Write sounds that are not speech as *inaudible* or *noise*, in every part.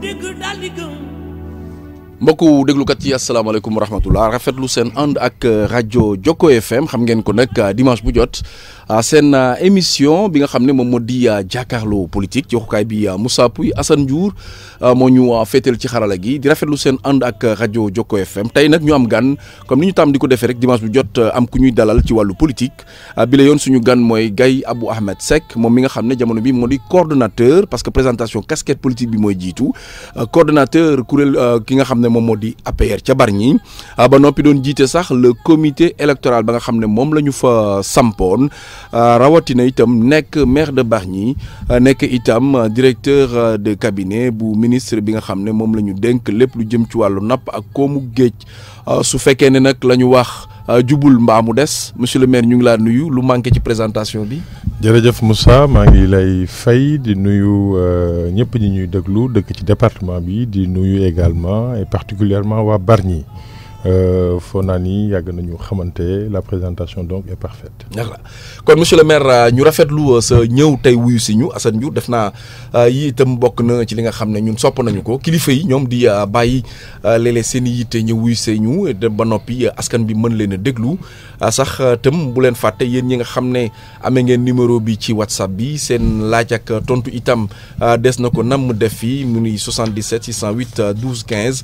dégg daal di gëm mbokku déglukat yi alaykum wa rahmatullah rafetlu sen Radio ak radio joko FM xam ngeen ko nak dimanche bu jot ah, sen ah, émission bi nga xam mom modi ah, jakarlo politique ci xukay bi Moussa Pouy Assane Diour mo ñu fétel ci xarala gi di rafetlu sen and ak Radio Joko FM tay nak ñu am gan comme niñu tam diko di rek dimanche bu jot am ku ñuy dalal ci walu politique bi la yon suñu gan moy gay Abou Ahmed Seck mom mi nga xam jamono bi modi di parce que présentation casquette politique bi moy jitu coordinateur kurel ki nga xam moom moo di APR ca Bargny ah, ba noppi doon jiite sax le comité électoral ba nga xam ne moom la ñu fa sampoon ah, rawatina itam nekk maire de Bargny ah, nekk itam directeur de cabinet bu ministre bi nga xam ne moom la ñu dénk lépp lu jëm ci wàllu napp ak koomu géej su fekkee ne nag la ñu wax. Euh, jubul mbaa mu des monsieur le maire ñu ngi laa nuyu lu manké ci présentation bi. jërëjëf Moussa ma ngi lay fay di nuyu euh, ñëpp ñi ñuy déglu dëkk ci département bi di nuyu également et particulièrement wa Bargny. Euh, foo naa nañu xamante la présentation donc est parfaite. voilà kon monsieur le maire euh, ñu rafetlu ce euh, ñëw tey wuyu si ñu Assane Diouf def naa yi itam bokk na ci li nga xam ne ñun sopp nañu ko kilifa yi ñoom di bàyyi les léeg seen i yitte ñëw wuyu see ñu ba noppi askan bi mën leen a déglu sax itam bu leen fàtte yéen ñi nga xam ne ngeen numéro bi ci whatsapp bi seen laaj ak tontu itam des na ko nam def fii mu 77 608 12 15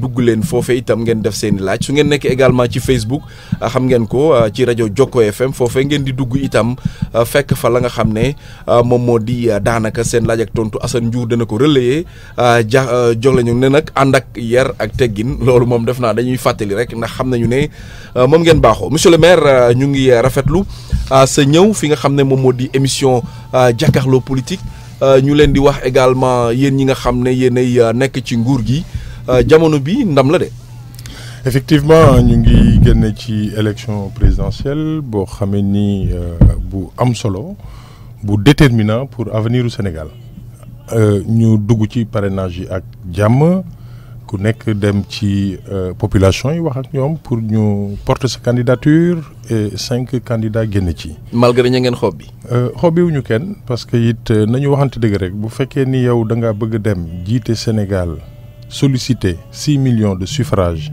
dugg leen foofee itam ngeen def seeni laaj su ngeen nekk également ci Facebook ah, xam ngeen ko ah, ci rajo Jokko FM foofe ngeen di dugg itam ah, fekk fa la nga xam ne moom moo di daanaka seen laaj ak tontu Assane Ndiour dana ko relayer ja jox la ñu ne nag ànd ak yar ak teggin loolu moom def naa dañuy fàttali rek ndax xam nañu ne moom ngeen baaxoo monsieur le maire ñu ngi rafetlu sa ñëw fi nga xam ne moom moo di émission jàkkaarloo politique ñu leen di wax également yéen ñi nga xam ne yéenay nekk ci nguur gi jamono bi ndam effectivement nous ngi eu ci élection présidentielle pour xamee ni euh, bu am déterminant pour avenir du Sénégal euh, ñu dugg ci parrainage avec ak jàmm ku nekk dem ci euh, population pour ñu porter sa candidature et cinq candidats génn malgré que ngeen xob bi. xob bi wuñu kenn parce que it nañu waxante dëgg rek bu fekkee ni yow da nga bëgg dem Sénégal solliciter 6 millions de suffrages.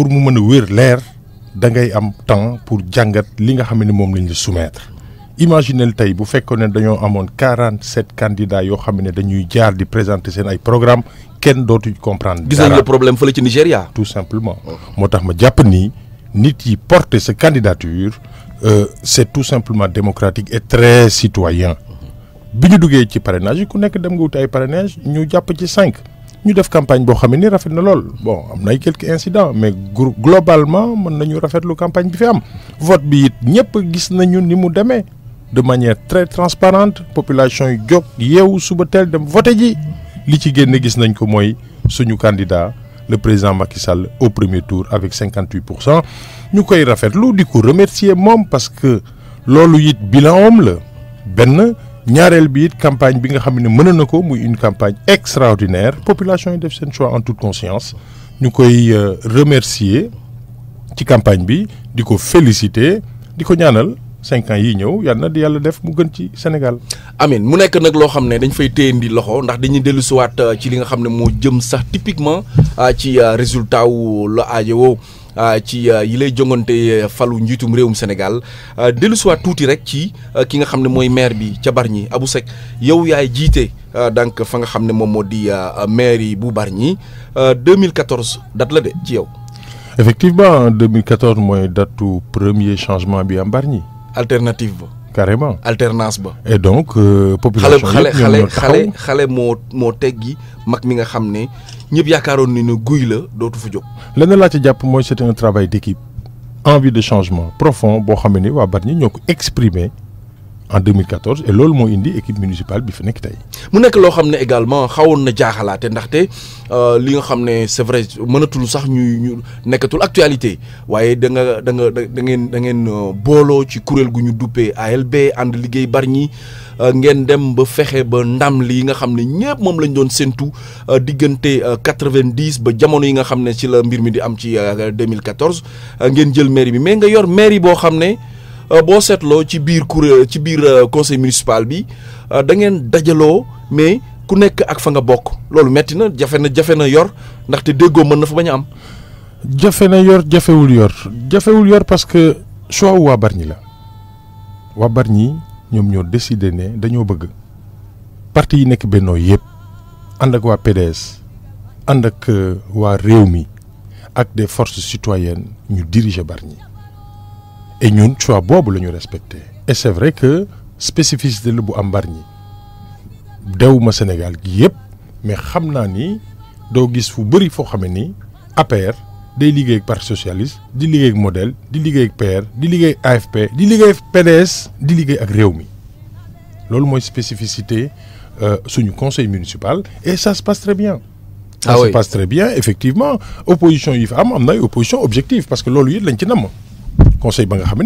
pour mu mën a wér leer da ngay am temps pour jàngat li nga xam ne moom lañ la soumettre imaginel tey bu fekkoon ne dañoo amoon quarante sept candidats yoo xam ne dañuy jaar di présenter seen ay programme kenn dootuñ comprendre. dara gis nañ le problème fële ci Nigeria. tout simplement moo tax ma jàpp ni nit yi porter sa candidature euh, c'est tout simplement démocratique et très citoyen bi ñu duggee ci parrainage ku nekk dem nga wuti ay parrainage ñu jàpp ci cinq ñu def campagne boo xam ne rafet na lool bon am na ay quelques incidents mais globalement mën nañu rafetlu campagne bi fi am vote bi it ñëpp gis nañu ni mu demee de manière très transparente population yi jóg yeewu suba tel dem vote ji li ci génn gis nañ ko mooy suñu candidat le président Macky Sall au premier tour avec 58 pour cent ñu koy rafetlu di ko remercier moom parce que loolu it bilan am la benn ñaareel bi it campagne bi nga xam ne mën na ko muy une campagne extraordinaire population yi def seen choix en toute conscience ñu koy euh, remercier ci campagne bi di ko féliciter di ko ñaanal cinq ans yii ñëw yal na di yàlla def mu gën ci Sénégal. amin mu nekk nag loo xam ne dañ fay téyendi loxo ndax dañuy dellu siwaat euh, ci li nga xam ne moo jëm sax typiquement euh, ci résultat wu la aajowoo. Ah, ci ah, yi lay jongante eh, falu njiitum réewum Sénégal ah, dellu si waat rek ci ki nga xamne moy maire bi ci Bargny Abou sek yow yaay jité donc fa nga xamne mom modi maire yi bu Bargny 2014 date la de ci yow. effectivement 2014 mooy datu premier changement bi am Bargny. alternative ba. carrément alternance ba. et donc euh, population. xale xale xale xale mo mo teggi mak mi nga xamne ñëpp yaakaaroon ni ne guy la dootu fa jóg. lenn laa ci jàpp mooy c'est un travail d'équipe envie de changement profond boo xam ne waa Bargny ñoo ko exprimé en 2014 et loolu moo indi équipe municipale bi fi nekk tey. mu nekk loo xam ne également xawoon na jaaxalaate ndaxte euh, li nga xam ne c'est vrai mënatul sax ñu ñu nekkatul actualité waaye da nga da nga da ngeen da ngeen euh, booloo ci kuréel gu ñu duppee ALB ànd liggéey Bargny. Euh, ngeen dem ba fexe ba ndam li nga xam ne ñëpp moom lañ doon séntu euh, diggante euh, quatre vingt ba jamono yi nga xam ne ci la mbir mi di am ci 2014 ngeen jël mairie bi mais nga yor mairie boo xam ne boo seetloo ci biir kuréel ci biir conseil municipal bi da ngeen dajaloo mais ku nekk ak fa nga bokk loolu metti na jafe na jafe na yor ndaxte déggoo mën na fa bañ am. jafe na yor jafewul yor jafewul yor parce que choix waa Bargny la waa Bargny ñoom ñoo décidé ne dañoo bëgg parti yi nekk bennoo yépp ànd ak waa PDS ànd ak euh, waa réew mi ak des forces citoyennes ñu diriger Bargny et ñun choix boobu la ñu respecté et c'est vrai que spécificité la bu am Bargny dewuma Sénégal gi yépp mais xam naa ni doo gis fu bëri foo xam ne day liggéey ak parti socialiste di liggéey ak modèle di liggéey ak PR di liggéey AFP di liggéey PDS di liggéey ak réew mi loolu mooy spécificité euh, suñu conseil municipal et ça se passe très bien. ça ah se passe très bien effectivement opposition yi fa am opposition objective parce que loolu it lañ ci Le conseil ba nga xam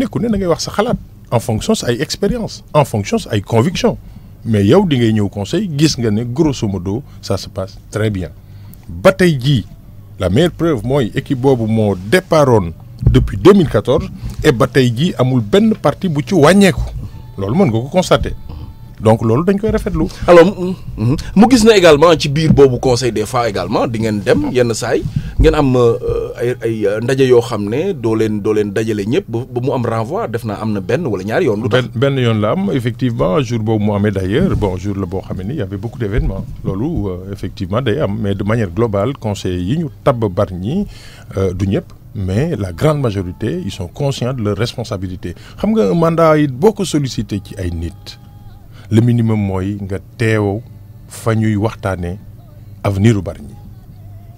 wax sa xalaat en fonction de ay expérience en fonction de ay conviction mais yow di ngay ñëw conseil gis nga ne grosso modo ça se passe très bien ba tey la meilleure preuve moy équipe bobu mo départoon depuis 2014 et batay tey amul ben parti bu ci C'est lolou mën nga ko constater donc loolu dañ koy rafetlu. alors mu gis na également ci biir boobu conseil des fois également di ngeen dem yenn saay ngeen am euh, ay ay euh, ndaje yoo xam ne doo leen doo leen dajale ñëpp ba mu am renvoi def naa am na benn wala ñaari yoon. lu tax ben, benn yoon la am effectivement jour boobu mu amee d' ailleurs bon jour la boo xam ne y' avait beaucoup d' événements loolu euh, effectivement day am mais de manière globale conseil yi ñu tab bar ñi du ñëpp. mais la grande majorité ils sont conscients de leur responsabilité xam nga mandat yi boo ko sollicité ci ay nit. le minimum mooy nga teew fa ñuy waxtaanee avenir niiru Bargny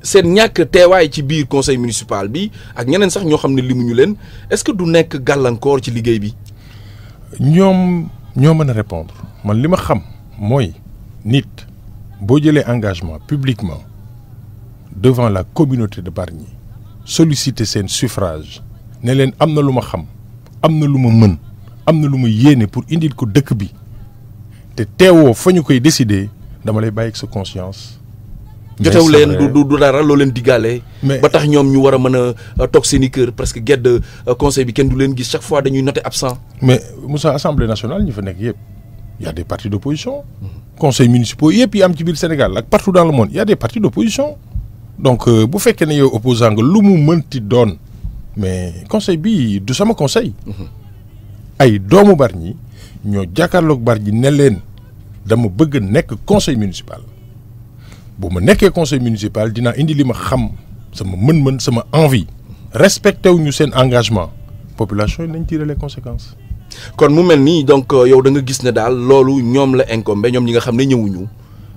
C'est ñak téway ci biir conseil municipal bi ak ñeneen sax ñoo xam limu ñu leen est-ce que du nekk gàllankoor ci liguey bi. ñom ñoo mëna répondre man lima xam moy nit bo les engagement publiquement devant la communauté de Bargny solliciter sen suffrage ne leen amna luma xam amna luma mën pour indil ko dëkk bi te teewoo fa ñu koy décider dama lay bàyyi sa conscience jotew leen du du dara loo leen diggaale ba tax ñoom ñu war a mën a euh, toog seen i kër presque gedd euh, conseil bi kenn du leen gis chaque fois dañuy noté absent mais Moussa assemblée nationale ñu fa nekk yëpp y a des partis d'opposition conseil municipaux yëpp yi am ci biir Sénégal ak partout dans le monde y a des partis d'opposition donc euh, bu fekkee ne yow opposant nga lu mu mënti doon mais conseil bi du sama conseil mhm. ay doomu Bargny ñoo jàkkaarloog Bargny ne leen dama bëgg nekk conseil municipal bu ma nekkee conseil municipal dina indi li ma xam sama mën-mën sama envie respecté wu ñu seen engagement population yi nañ les conséquences. kon mu mel nii donc euh, yow da nga gis ne daal loolu ñoom la incombé ñoom ñi nga xam ne ñëwuñu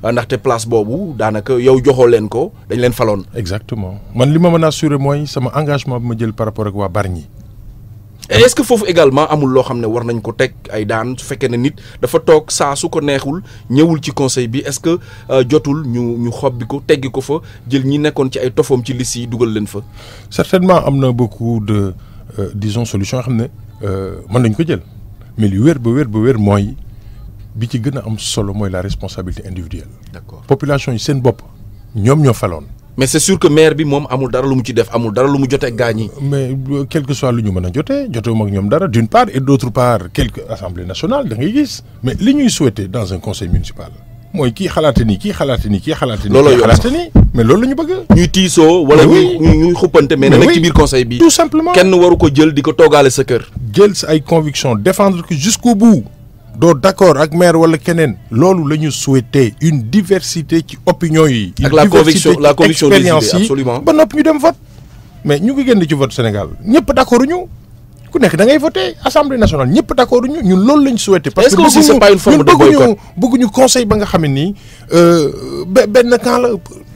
euh, ndaxte place boobu daanaka yow joxoo leen ko dañ leen faloon. exactement man li ma mën assuré mooy sama engagement bi ma jël par rapport ak waa est ce que fofu également amul lo xamné war nañ ko ay daan est ce que euh, jotul ñu ñu xobbi ko fa jël ñi ci certainement beaucoup de euh, disons solution xamné euh, mais li ba wër ba la responsabilité individuelle. D'accord. population yi seen Bop, mais c'est sûr que maire bi mom amul dara lu mu ci def amul dara lu mu joté gañi mais euh, quel que soit lu ñu mëna joté joté mo ak ñom dara d'une part et d'autre part quelque assemblée nationale da ngay gis mais li ñuy souhaiter dans un conseil municipal moy ki xalaate nii kii xalaate nii kii xalaate nii. looloo xalaate nii mais loolu ñu bëgg. ñuy tiisoo wala ñuy ñuy xuppante mais nak ci biir conseil bi. tout simplement kenn waru ko jël diko togalé sa kër. jël sa ay convictions défendre ko jusqu'au bout doo d'accord ak maire wala keneen loolu la ñu souhaité une diversité ci opinion yi. la conviction ci expérience yi ba nopp ñu dem vote mais ñu ngi génn ci vote Sénégal ñëpp d'accord ñu ku nekk da ngay voté assemblée nationale ñëpp d'accord ñu ñun loolu la souhaité. parce que aussi c'est pas une forme de boycott parce que bëgguñu bëgguñu conseil ba nga xam ne nii euh, benn camp la.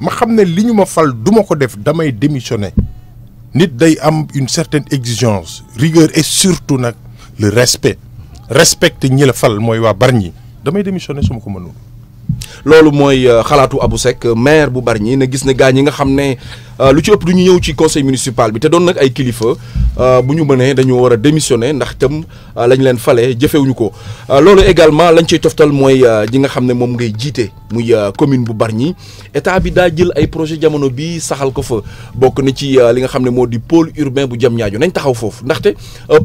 ma xamné ne ma fal duma ko def damay démissionner nit day am une certaine exigence rigueur et surtout nak le respect respecte ñi la fal moy wa Bargny damay démissionner su ma ko mënul. loolu mooy euh, xalaatu Abou Seck maire bu Bargny na gis na yi nga xamné Euh, lu ci ëpp du ñu ñëw ci conseil municipal bi te doon nag ay kilifa euh, bu ñu mënee dañu war a ndax tam euh, lañ leen fale jëfewuñu ko loolu également lañ ciy toftal mooy ji nga xam ne moom ngay jiite muy commune bu Bargny état bi daa jël ay projet jamono bi saxal ko fa bokk na ci li nga xam ne moo di pôle urbain bu Diamniadio nañ taxaw foofu ndaxte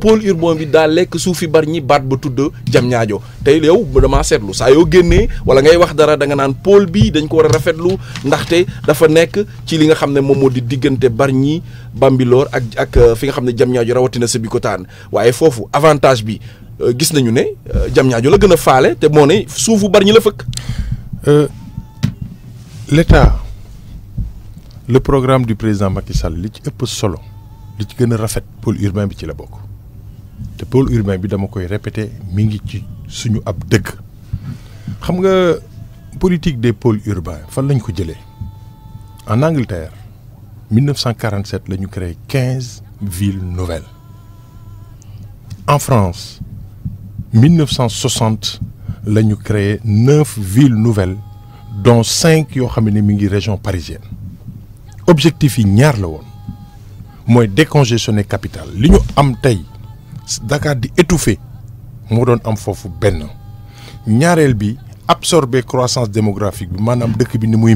pôle urbain bi daa lekk suufi Bargny baat ba tudd Diamniadio tey yow dama seetlu saa yoo génnee wala ngay wax dara da nga naan pôle bi dañ ko war a rafetlu ndaxte dafa nekk ci li nga xam ne moom moo di diggante Bargny Bambilor ak ak euh, fi nga xam ne Diamniadio rawatina Sébikotane waaye foofu avantage bi euh, gis nañu ne euh, Diamniadio la gën a faale te moo ne suufu Bargny la fëkk. l'État le programme du président Macky Sall li ci ëpp solo li ci gën a rafet pôle urbain bi ci la bokk te pôle urbain bi dama koy répéter mi ngi ci suñu ab dëgg xam nga politique des pôles urbains fan lañ ko jëlee en Angleterre 1947 nous avons créé 15 villes nouvelles en France 1960 nous avons créé 9 villes nouvelles dont 5 qui xam ne mi région parisienne objectif yi ñaar la décongestionner capitale li ñu am tey Dakar di étouffé moo doon am fofu ben. ñaareel bi absorber croissance démographique bi avons dëkk bi ni muy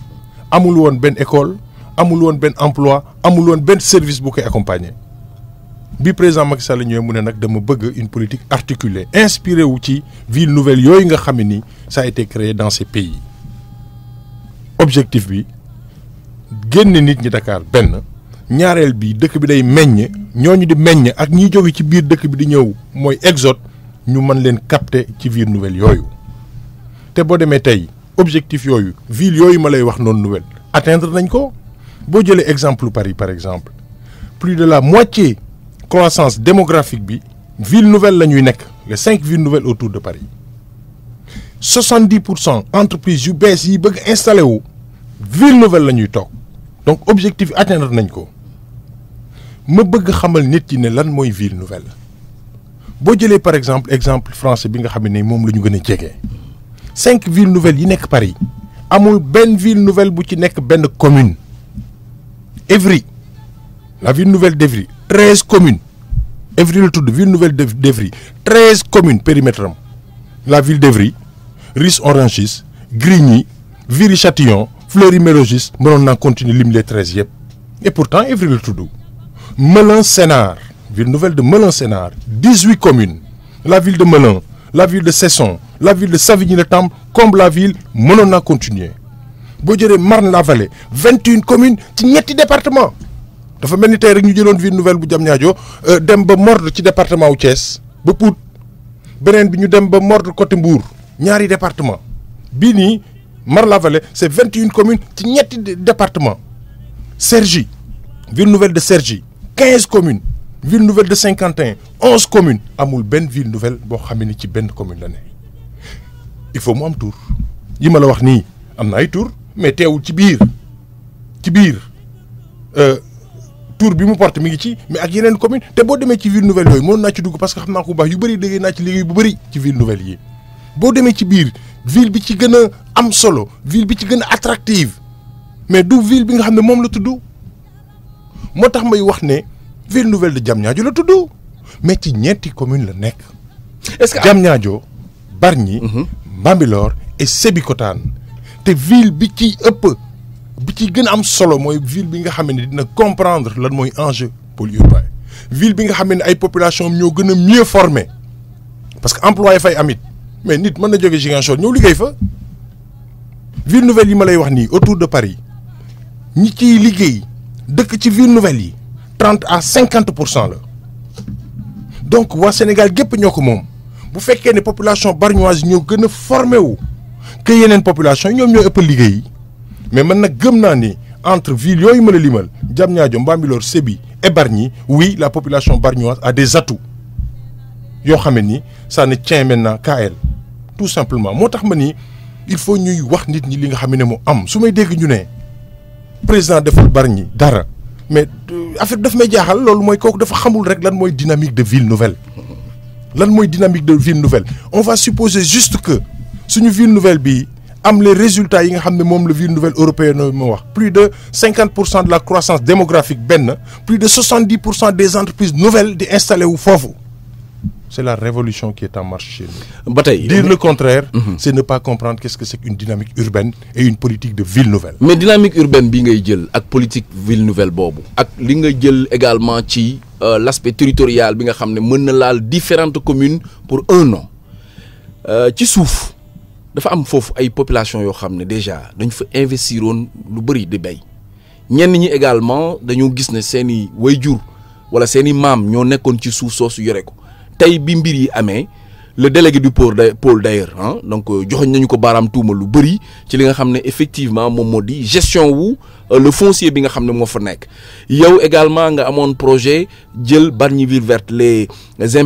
amul woon benn école amul woon benn emploi amul woon benn service bu koy accompagner bi président Macky Sall ñëwee mu ne une politique articulée inspirée wu ci ville nouvelle yooyu ça a été créé dans ces pays objectif bi nit ñi Dakar benn ñaareel bi dëkk bi day meññ ñooñu di meññ ak ci biir ville nouvelle objectif yoyu ville yoyu malay wax non nouvelle atteindre nañ ko bo les exemple Paris par exemple plus de la moitié croissance démographique bi ville nouvelle la nek les cinq villes nouvelles autour de Paris 70% entreprises yu bees yi bëgg ville nouvelle la tok donc objectif atteindre nañ ko ma bëgg xamal nit yi ne lan mooy ville nouvelle boo jëlee par exemple exemple français bi nga xam ne moom la ñu gën jege. 5 villes nouvelles yi Paris amul une ville nouvelle qui ci commune Évry la ville nouvelle d'Évry 13 communes Évry le toudou ville nouvelle d'Évry 13 communes périmètre la ville d'Évry Ris-Orangis Grigny Viry-Châtillon Fleury-Mérogis on on continuer lim les 13 yep. et pourtant Évry le Toudou. melun sénard ville nouvelle de melun sénard 18 communes la ville de Melun la ville de Cesson la ville de savigny le tam comme la ville Monona continue. continuer Marlavalé, Marne-la-Vallée 21 une communes ci département dafa mel ni tey rek ñu ville nouvelle bu Diamniadio euh, dem ba Mordre ci département de Thiès ba Pout beneen bi ñu dem ba Mordre côté département Bini Marlavalé, Marne-la-Vallée 21 communes ci ñetti département Sergi, ville nouvelle de Sergi, 15 communes ville nouvelle de 51, 11 communes Amoul ben ville nouvelle bo xam ne ci ben commune la né. il faut mo am tour yi ma la wax ni am na ay tour mais téwul ci biir ci biir euh, tour bi mu porte mi ngi ci mais ak yenen commune té bo démé ci ville nouvelle yoy mënoon na ci dugg parce que xamna ko bax yu bari déggee na ci liggéey bu bari ci ville nouvelle yi Bo démé ci biir ville bi ci gëna am solo ville bi ci gëna attractive mais du ville bi nga xamné mom la tuddu. Motax may wax né ville nouvelle de Diamniadio la tudd mais ci ñetti commune le nek est-ce que Diamniadio Bargny. Mhm. Bambilor et Sébikotane té ville bi ci ëpp bi ci gën am solo moy ville bi nga xamné dina comprendre lan moy enjeu pôle-urbain ville bi nga xamné ay population ñoo gëna mieux formé parce que emploi fay amit mais nit mën na jóge Ziguinchor ñëw liggéey fa. ville nouvelle yi ma lay wax ni autour de Paris ñi ci liggéey dëkk ci ville nouvelle 30 à 50 là. donc le Sénégal il ñoo ko bu ne population bargnoise y a une population mais maintenant, entre ville et limal Sébi et Barni, oui la population bargnoise a des atouts ça ne tient maintenant qu'à elle tout simplement il faut ñuy wax nit ñi li nga nous am président de dara mais euh, il daf may jaxal dynamique de ville nouvelle lan dynamique de ville nouvelle on va supposer juste que suñu ville nouvelle bi am les résultats yi ville nouvelle européenne plus de 50% de la croissance démographique ben, plus de 70% des entreprises nouvelles sont installées au favo c'est la révolution qui est en marche chez nous. Dire le contraire, mhm. c'est ne pas comprendre qu'est-ce que c'est qu'une dynamique urbaine et une politique de ville nouvelle. Mais dynamique urbaine bi une jël ak politique ville nouvelle et ak également ci euh, l'aspect territorial bi nga xam différentes communes pour un an euh, ci suuf dafa am fofu ay population yo xam déjà dañ fa investiroon lu bari Nous bay ñen ñi également dañu gis ne seen wayjur wala seen mam ño ñoo ci suuf de yoré tay bi mbir le délégué du pôle pôle d'ailleurs hein, euh, ko lu effectivement modi gestion wu euh, le foncier bi nga xamné mo fa nek également nga amone projet jël les euh,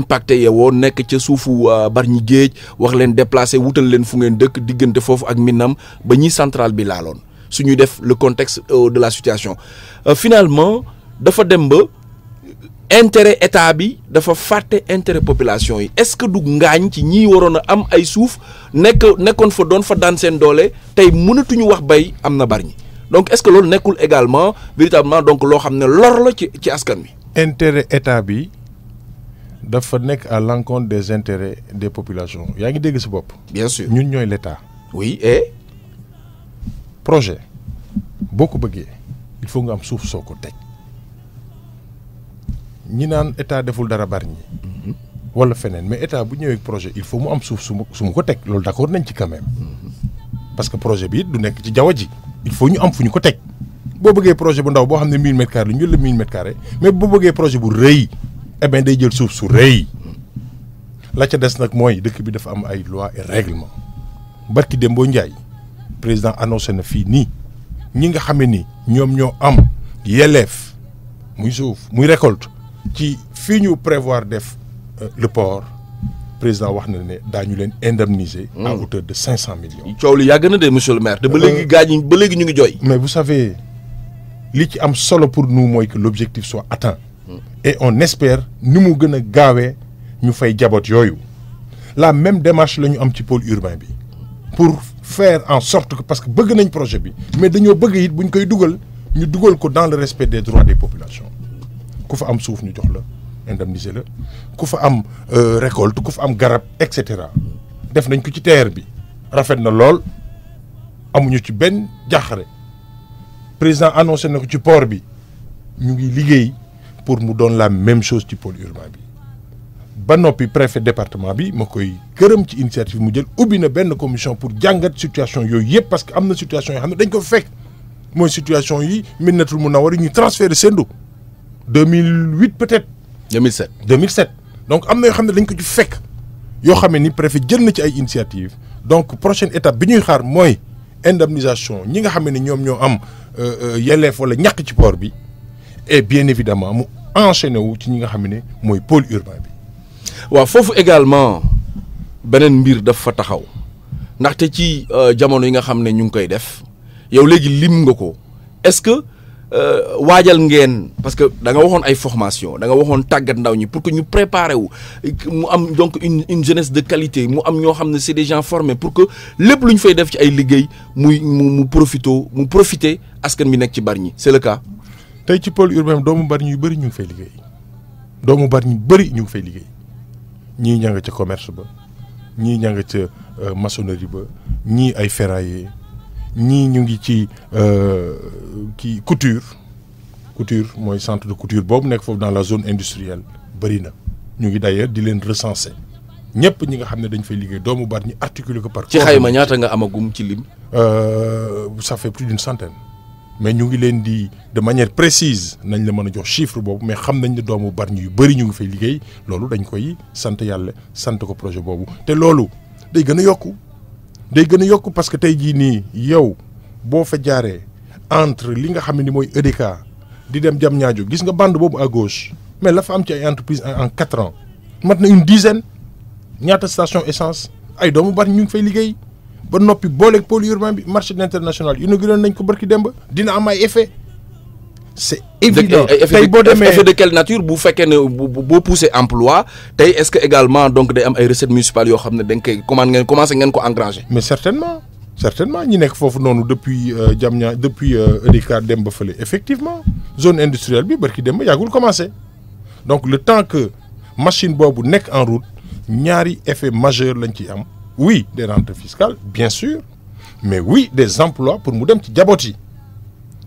wax déplacer fu ngeen ak Minam ba ñi le contexte de la situation finalement dafa dem intérêt état bi dafa faté intérêt population est-ce que du ngagne ci ñi warona a am ay souf nek nekone fa doon fa sen seen tay tey ñu wax bay amna na donc est-ce que l'on nekul également véritablement donc lo xamné lor la ci ci askan bi intérêt état bi dafa nek à l'encontre des intérêts des populations ya ngi dégg si bop bien sûr ñun ñoy l'état. oui et. projet beaucoup bëggé il faut nga am souf soko ko ñi naan état deful dara bari ñi wala feneen mais état bu ñëwee projet il faut mu am suuf su mu ko teg loolu d'accord nañ ci quand même parce que projet bi du nekk ci jaww ji il faut ñu am fu ñu ko teg boo bëggee projet bu ndaw boo xam ne 1000 mètres carré lu ñu la 1000 mètres carré mais bu bëggee projet bu rëy eh bien day jël suuf su rëy la ca des nag mooy dëkk bi dafa am ay loi et règlement barki Dembo Ndiaye président annoncé na fii nii ñi nga xamee ni ñoom ñoo am yelleef muy suuf muy récolte. Qui finit de prévoir euh, le port président wax na indemniser. à hmm. hauteur de 500 millions. monsieur le maire. Euh, mais vous savez Ce qui est solo pour nous C'est que l'objectif soit atteint. Hmm. et on espère Que nous devons faire des ñu la même démarche nous avons am pôle urbain pour faire en sorte que parce que avons nañ projet mais nous bëgg dans le respect des droits des populations ku fa am suuf ñu jox la indemniser la ku fa am euh, récolte ku fa am garab et cetera def nañ ko ci terre bi rafet na lool amuñu ci benn jaaxare président annoncé na ko ci port bi ñu ngi liggéey pour mu doon la même chose ci pôle urbain bi ba noppi préfet département bi ma koy gërëm ci initiative mu jël ubbi na benn commission pour jàngat situation yooyu yëpp parce que am na situation yoo xam ne dañ ko fekk mooy situation yi Médinatoul Munawwara ñu transféré sendu 2008 peut-être. 2007 2007. donc am na yoo xam dañ ko ci fek yo xam ni préfet jël na ci ay initiative donc prochaine étape bi ñuy xaar moy indemnisation ñi nga xam ñom ñoo am euh, euh, yelleef la ñak ci port bi et bien évidemment mu enchaîné wu ci ñi nga xam moy pôle urbain bi. wa fofu également benen mbir daf fa taxaw te ci euh, jamono yi nga xam ñu ngi koy def yow légui lim nga ko est-ce que. Euh, waajal ngeen parce que da nga waxone ay formation da nga waxone tagat ndaw ñi pour que ñu préparer wu mu am donc une une jeunesse de qualité mu am ño xam c'est des gens formés pour que lepp luñ fay def ci ay liggéey mu mu profito mu profiter askan mi nekk ci Bargny c'est le cas. tay ci pôle urbain doomu Bargny yu bari ñu fay liggéey doomu Bargny bari ñu fay liggéey ñi ñanga ci commerce ba ñi ñanga ci euh, maçonnerie ba ñi ay ferrailler. Ni ñu ngi ci euh, couture couture centre de couture dans la zone industrielle berina ñu ngi d'ailleurs di leen recenser ñi nga xamne dañ fay articuler ko par. ci xayma amagum ci lim. Euh, ça fait plus d'une centaine mais ñu ngi di de manière précise nañ la mëna jox chiffre bobu mais xam nañ doomu ñu ngi fay dañ koy ko projet bobu. te loolu day gëna day gën a yokk parce que tey jii nii yow boo fa jaaree entre li nga xam ne ni mooy EDK di dem jam ñaajo gis nga bande boobu à gauche mais la fa am ci ay entreprise en quatre ans mat na une dizaine ñaata station essence ay doomu bari ñu fay liggéey ba noppi booleeg pôle urbain bi marché international inauguré nañ ko barki demb dina am ay effet c'est évident effet de quelle nature vous faites ne vous pousser emploi est-ce que également donc des recettes municipales yoo comment engranger. mais certainement certainement Nous nekk fait non depuis Diamniadio euh, depuis euh, Ricard effectivement zone industrielle bi barki dem ba commencé donc le temps que machine bois nekk en route ñaari effet majeur un effet am oui des rentes fiscales bien sûr mais oui des emplois pour nous dem ci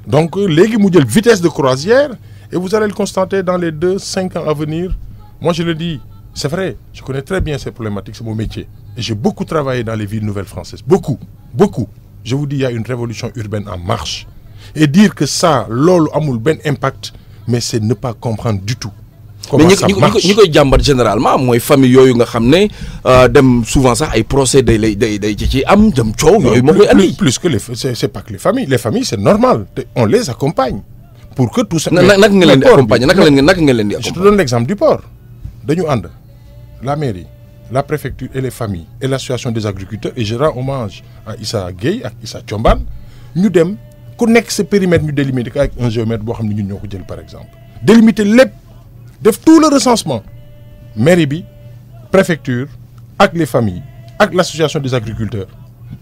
donc euh, l'église vitesse de croisière et vous allez le constater dans les deux cinq ans à venir moi je le dis c'est vrai je connais très bien ces problématiques c'est mon métier et j'ai beaucoup travaillé dans les villes nouvelles françaises beaucoup beaucoup je vous dis il y a une révolution urbaine en marche et dire que ça l'ol amul ben impact mais c'est ne pas comprendre du tout mais ñi koy jàmbat généralement mooy famille yooyu nga xam ne euh, dem souvent sax ay procès day lay day day ci am dem coow yooyu moo koy andi plus que les c'est pas que les familles les familles c'est normal on les accompagne pour que tout ça naka nga leen di naka leen naka nga leen accompagner je te donne l'exemple du port dañu ànd la mairie la préfecture et les familles et l'association des agriculteurs et je rends hommage à Issa Gueye ak Issa Thiombane ñu dem ku nekk sa périmètre ñu délimiter avec un géomètre boo xam ne ñun ñoo jël par exemple délimiter lépp def tout le recensement mairie préfecture avec les familles avec l'association des agriculteurs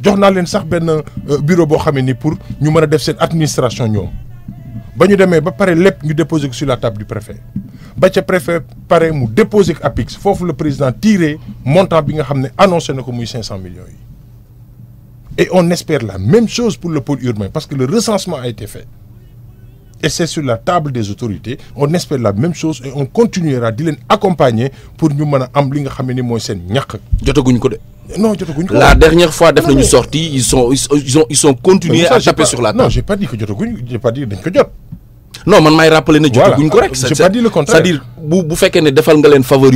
jox naa leen sax euh, bureau boo pour ñu a def seen administration sur la table du préfet ba ca préfet pare mu déposer ko APIX le président tiré montant bi nga 500 millions et on espère la même chose pour le pôle urbain parce que le recensement a été fait et c'est sur la table des autorités on espère la même chose et on continuera accompagner pour amener la dernière fois def ils sont ils ont ils sont à taper sur la table. non j'ai pas dit que j'ai pas dit dañ jot. non man à rappeler ne j'ai pas dit le contraire c'est-à-dire bu bu nous defal nga faveur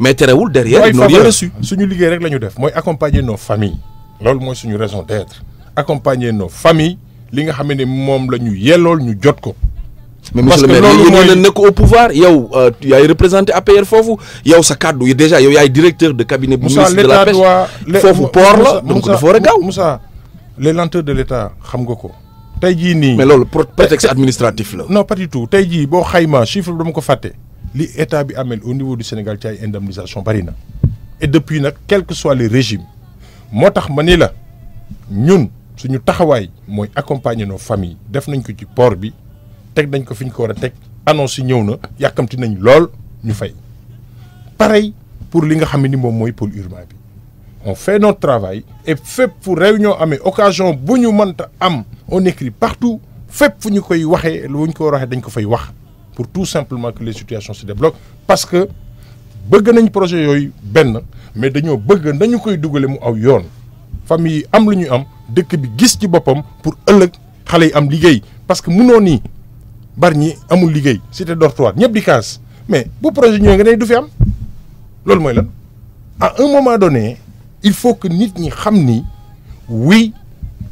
mais nous derrière. ils rien reçu suñu liggéey rek accompagner nos familles. Lool raison d'être accompagner nos familles li nga xam ne moom la ñu ñu jot ko. mais monsieur le maire a au pouvoir yow euh, yaay représenté APR fofu yow sa kàddu yi déjà yow yaay directeur de cabinet du ministre de la pêche Fofu port la donc dafa war a Moussa les lenteurs de l'état xam nga ko tay ji ni mais loolu prétexte administratif la non pas du tout tey jii boo xayma chiffre bi dama ko faté li état bi amel au niveau du Sénégal ci ay indemnisation bari na et depuis nak quel que soit les régimes motax manila ñun suñu taxawaay mooy accompagner nos familles def nañ ko ci port bi teg nañ ko fiñ ko war a teg annonce yi ñëw na yàkkamti nañ lool ñu fay pareil pour li nga xam ni moom mooy pôle urbain bi on fait notre travail et fépp fu réunion amee occasion bu ñu mënta am on écrit partout fépp fu ñu koy waxee lu ñu ko war waxee dañ ko fay wax pour tout simplement que les situations se débloquent parce que bëgg nañ projet yooyu benn mais dañoo bëgg nañu koy dugale mu aw yoon famille am lu ñu am dëkk bi gis ci boppam pour ëllëg xale yi am liggéey parce que munoo nii bari ñi amul liggéey cité dortoir ñëpp di kaas mais bu projet ñëwee nga ne du fi am loolu mooy lan à un moment donné il faut que nit ñi xam ni oui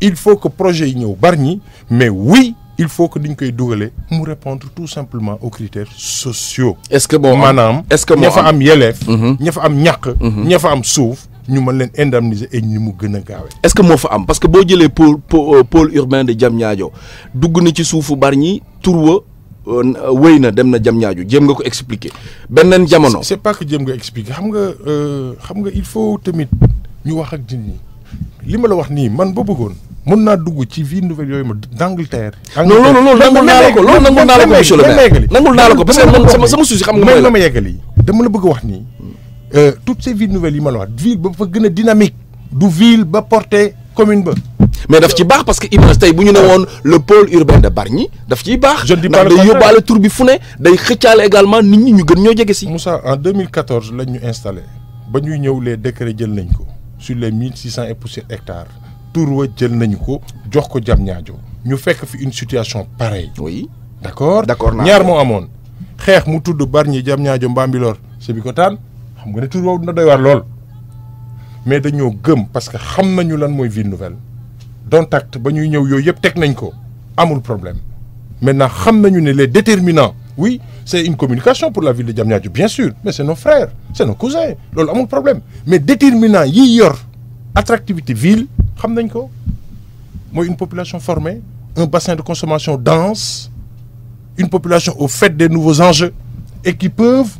il faut que projet yi ñëw bari ñi mais oui il faut que duñ koy dugalee mu répondre tout simplement aux critères sociaux. est-ce que bon maanaam. est-ce que moo am ña fa am yeleef. Mhm. ña am ñàq. Mhm. ñafa am suuf. ñu mën leen indemniser et ñi mu gën a gaawee. est-ce que moo fa am parce que boo jëlee pôle euh, pôle urbain de Diamniadio dugg na ci suufu Bargny tur wa euh, euh, wéy na dem na Diamniadio jéem nga ko expliquer beneen jamono. c'est pas que jéem nga expliquer xam nga xam nga il faut tamit ñu wax ak nit ñi li ma la wax nii man ba bëggoon. mën naa dugg ci ville nouvelle yooyu ma d'Angleterre. Angleterre non non non nangul naa la ko loolu nangul naa la ko monsieur le maire wax nii. Euh, toutes ces villes nouvelles yi ma ville ba fa dynamique du ville ba portée commune ba. mais daf ci bax parce que Ibra tay bu ñu ne le pôle urbain de Bargni daf ci bax je yobale dis pas le bi fune day xëccaale également nit ñi ñu gën ñoo jégé ci Moussa en 2014 lañ ñu installé ba ñuy ñëw les décrets jël nañ ko sur les 1600 et poussière hectares tour wa jël nañ ko jox ko Diamniadio ñu fekk fi une situation pareille. oui d'accord d'accord d' ñaar mo amone xex mu tudd Bargny Diamniadio Mbambilor Sébikotane xam nga ne tur boobu doy waar lool mais dañoo gëm parce que xam nañu lan mooy ville nouvelle Donc, ba ñuy ñëw yooyu yëpp teg nañ ko amul problème maintenant nous nañu ne les déterminants oui c'est une communication pour la ville de Diamniadio bien sûr mais c'est nos frères c'est nos cousins loolu amul problème mais déterminants yi yor attractivité ville xam nañ ko mooy une population formée un bassin de consommation dense une population au fait des nouveaux enjeux et qui peuvent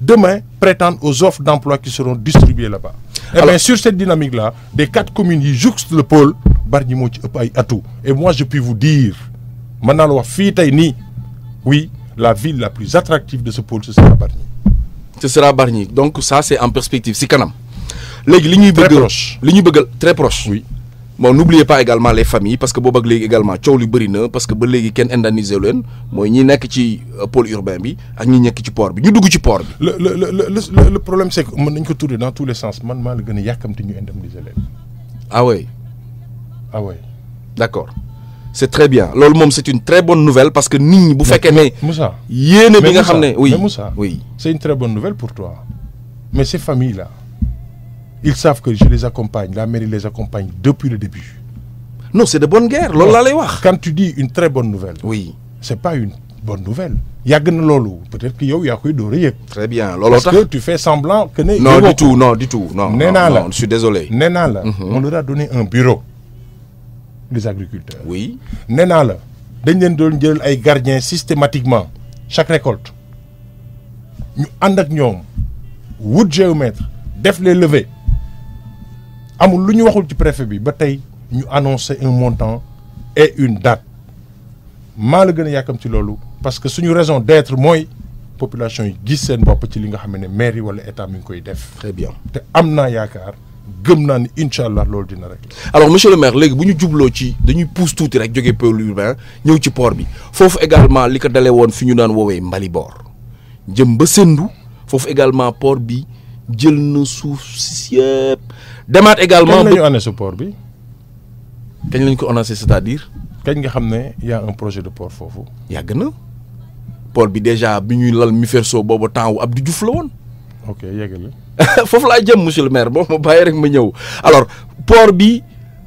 demain prétendre aux offres d'emploi qui seront distribuées là-bas. Et eh bien sur cette dynamique-là, des quatre communes qui jouxtent le pôle, barni et moi je peux vous dire Manaloa oui la ville la plus attractive de ce pôle ce sera Barni. ce sera Barni. donc ça c'est en perspective C'est kanam. même. les très proche très proche. oui bon n'oubliez pas également les familles parce que Bobag légui également coow lu parce na parce que ba légui ken indemniser len moy ñi nek ci euh, pôle urbain bi ak ñi nekk ci port bi ñu dugg ci port bi. le le le le problème c'est que man nañ ko tourner dans tous les sens man maa la gën a ñu indemniser len ah oui. ah oui. d'accord. c'est très bien loolu mom c'est une très bonne nouvelle parce que nit ñi bu fekké né Moussa bi nga xamné oui mais Moussa oui. c'est une très bonne nouvelle pour toi mais ces familles là ils savent que je les accompagne, la mairie les accompagne depuis le début. Non, c'est de bonnes guerres, Quand tu dis une très bonne nouvelle. Oui. C'est pas une bonne nouvelle. peut-être que yow a eu door très bien Lolo. parce que tu fais semblant que ne. non du tout non du tout non. je suis désolé. Mhm. on leur a donné un bureau. les agriculteurs. oui Nenal. naa la gardiens systématiquement chaque récolte Nous ànd ak géomètre def les levées amul lu ñu waxul ci préfet bi ba tey ñu annoncer un montant et une date maa la gën a yàkkam ci loolu parce que suñu raison d'être mooy population yi gis seen bopp ci li nga xam ne mairie wala état mi ngi koy def. très bien te am naa yaakaar gëm naa ni incha allah loolu dina rek. alors monsieur le maire léegi bu ñu jubloo ci dañuy pousse tuuti rek jógee pôle urbain ñëw ci port bi foofu également li ko dalee woon fi ñu daan woowee Mbalibor jëm ba sendu foofu également port bi jël na suuf si yëpp demaat également kañ la ñu annoncé port bi. kañ lañ ko annoncé c'est-à-dire. kañ nga xamné y a un projet de port fofu yàgg na port bi déjà bi ñuy lal Miferso boobu temps wu Abdou Diouf la won ok yeggali. *laughs* fofu la jëm monsieur le maire boo ma bàyyi rek ma ñëw alors port bi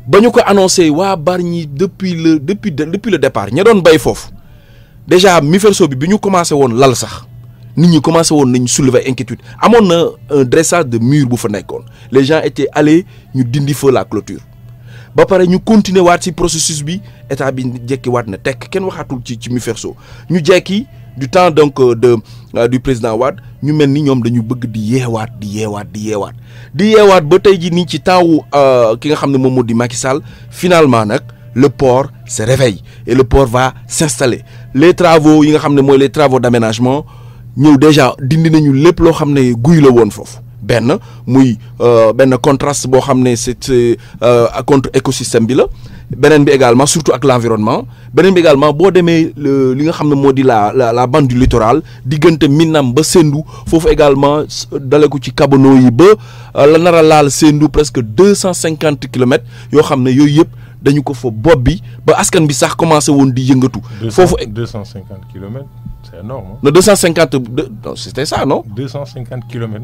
bañu ko annoncé waa Bargny depuis le depuis depuis le départ ña doon bay fofu déjà Miferso bi bi ñu commencé woon lal sax nit ñi commencé woon soulever inquiétude à na un dressage de mur bu fa nekkoon les gens étaient allés ñu dindi la clôture ba pare ñu continuer waat ci processus bi état bi jekki waat na tekk kenn waxaatul ci ça nous ñu jekki du temps donc euh, de euh, du président Wade ñu mel nous sommes dañu bëgg di yeewaat di yeewaat di yeewaat di yeewaat ba tey ji ni ci temps wu euh, ki nga xam Momo di Macky Sall finalement le port se réveille et le port va s'installer les travaux yi nga xam ne les travaux d'aménagement ñëw déjà dindi nañu lépp loo xam ne guy la woon foofu benn muy euh, contraste boo xam ne euh, contre écosystème bi la également surtout ak l'environnement beneen également li nga la la la bande du littoral diggante Minam ba sendu foofu également dans ci Kabono yi ba euh, la nous presque 250 cent kilomètres yoo dañu ko fa bi ba askan bi sax commencé woon di yëngatu. foofu 250 cent kilomètres c'est énorme. Hein. non deux c'était ça non. 250 km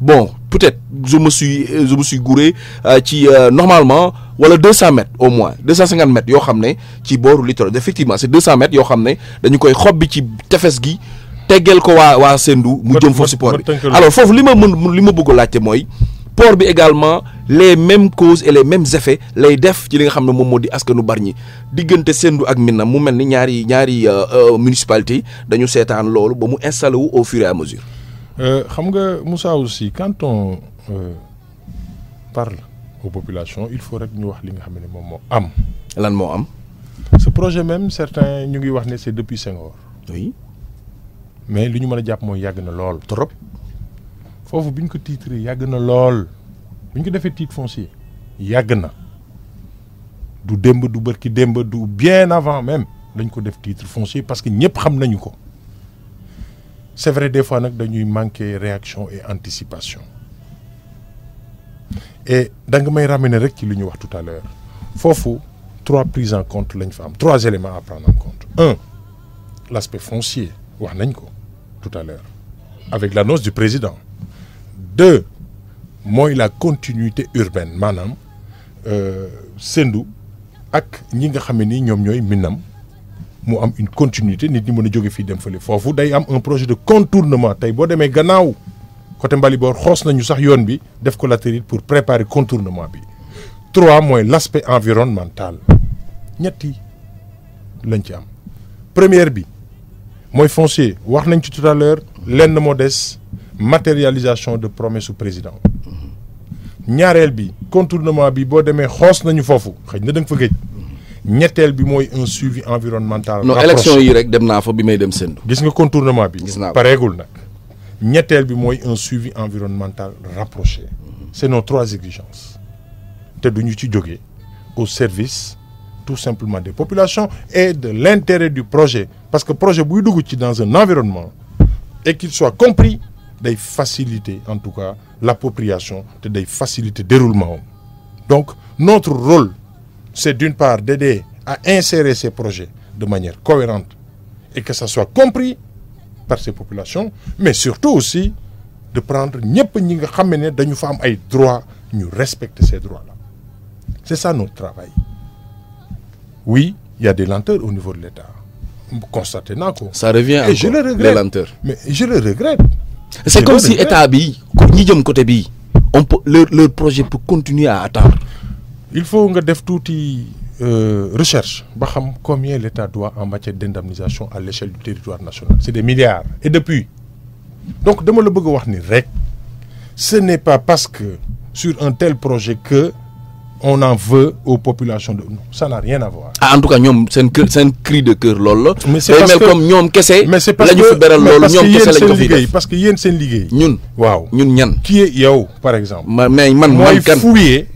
bon peut-être je me suis je me suis gouré euh, ci euh, normalement wala 200 m mètres au moins 250 cent cinquante mètres yoo xam ci littoral effectivement c'est 200 mètres yoo xam ne ci tefes gi. ko Sendou mu alors foofu li ma mën li ma port également les mêmes causes et les mêmes effets lay def ci li nga xam mom modi askanu Bargny diggante sendu ak minna mu melni ni ñaari ñaari euh, euh, municipalité dañu sétane loolu ba mu installé wu au fur et à mesure. Euh, xam nga Moussa aussi quand on euh, parle aux populations il faut rek ñu wax li nga xam mom mo am. lan mo am. ce projet même certains ñu ngi wax né c'est depuis Senghor. oui mais li ñu mëna japp jàpp yag na lool. trop fofu biñ ko titrer yag na lool. On avons fait defee titre foncier yàgg na du demb du barki demb du bien avant même dañ ko def titre foncier parce que ñepp xam nañu ko c'est vrai des fois nak dañuy manquer réaction et anticipation et je vais may ramener ce ci nous avons wax tout à l'heure Fofu, trois prises en compte trois éléments à prendre en compte un l'aspect foncier wax nañ ko tout à l'heure avec l'annonce du président deux moy la continuité urbaine euh sendu ak ñi nga xam ni ñom ñoy Minam mu am une continuité nit ñi mëna a fi dem day am un projet de contournement tay bo démé gannaaw côté nañu sax yoon bi def ko latérite pour préparer contournement bi trois moy environnemental ñetti lañ ci am première bi foncier wax nañ ci tout à l'heure matérialisation de promesse au président ñaareel bi contournement bi bo démé xoss nañu fofu xëy na da fa géej ñettel bi moy un suivi environnemental. non élection yi rek dem na fa bi may dem seen. gis nga contournement bi. parégul nak ñettel bi moy un suivi environnemental rapproché. c'est nos trois exigences. té duñu ci joggé au service tout simplement des populations et de l'intérêt du projet parce que projet buy dugg ci dans un environnement et qu'il soit compris day faciliter en tout cas l'appropriation de faciliter le déroulement donc notre rôle c'est d'une part d'aider à insérer ces projets de manière cohérente et que ça soit compris par ces populations mais surtout aussi de prendre n'y ñi nga de dañu fa am ay droits respecter ces droits là c'est ça notre travail oui il y a des lenteurs au niveau de l'État constaté constatez, ça revient à encore lenteurs mais je le regrette c'est comme si l'État bi, ñi côté leur, projet peut continuer à attendre. Il faut nga def touti euh, recherche combien l'État doit en matière d'indemnisation à l'échelle du territoire national. C'est des milliards et depuis. Donc dama veux bëgg que ce n'est pas parce que sur un tel projet que on en veut aux populations de nous. Ça n'a rien à voir. Ah, en tout cas, c'est un, un, cri de cœur. Mais c'est parce que... Comme nous, qu'est-ce Mais c'est parce que... Parce que yéen Parce que yéen seen liggéey. ñun waaw ñun ñan. est par exemple. mais man man kan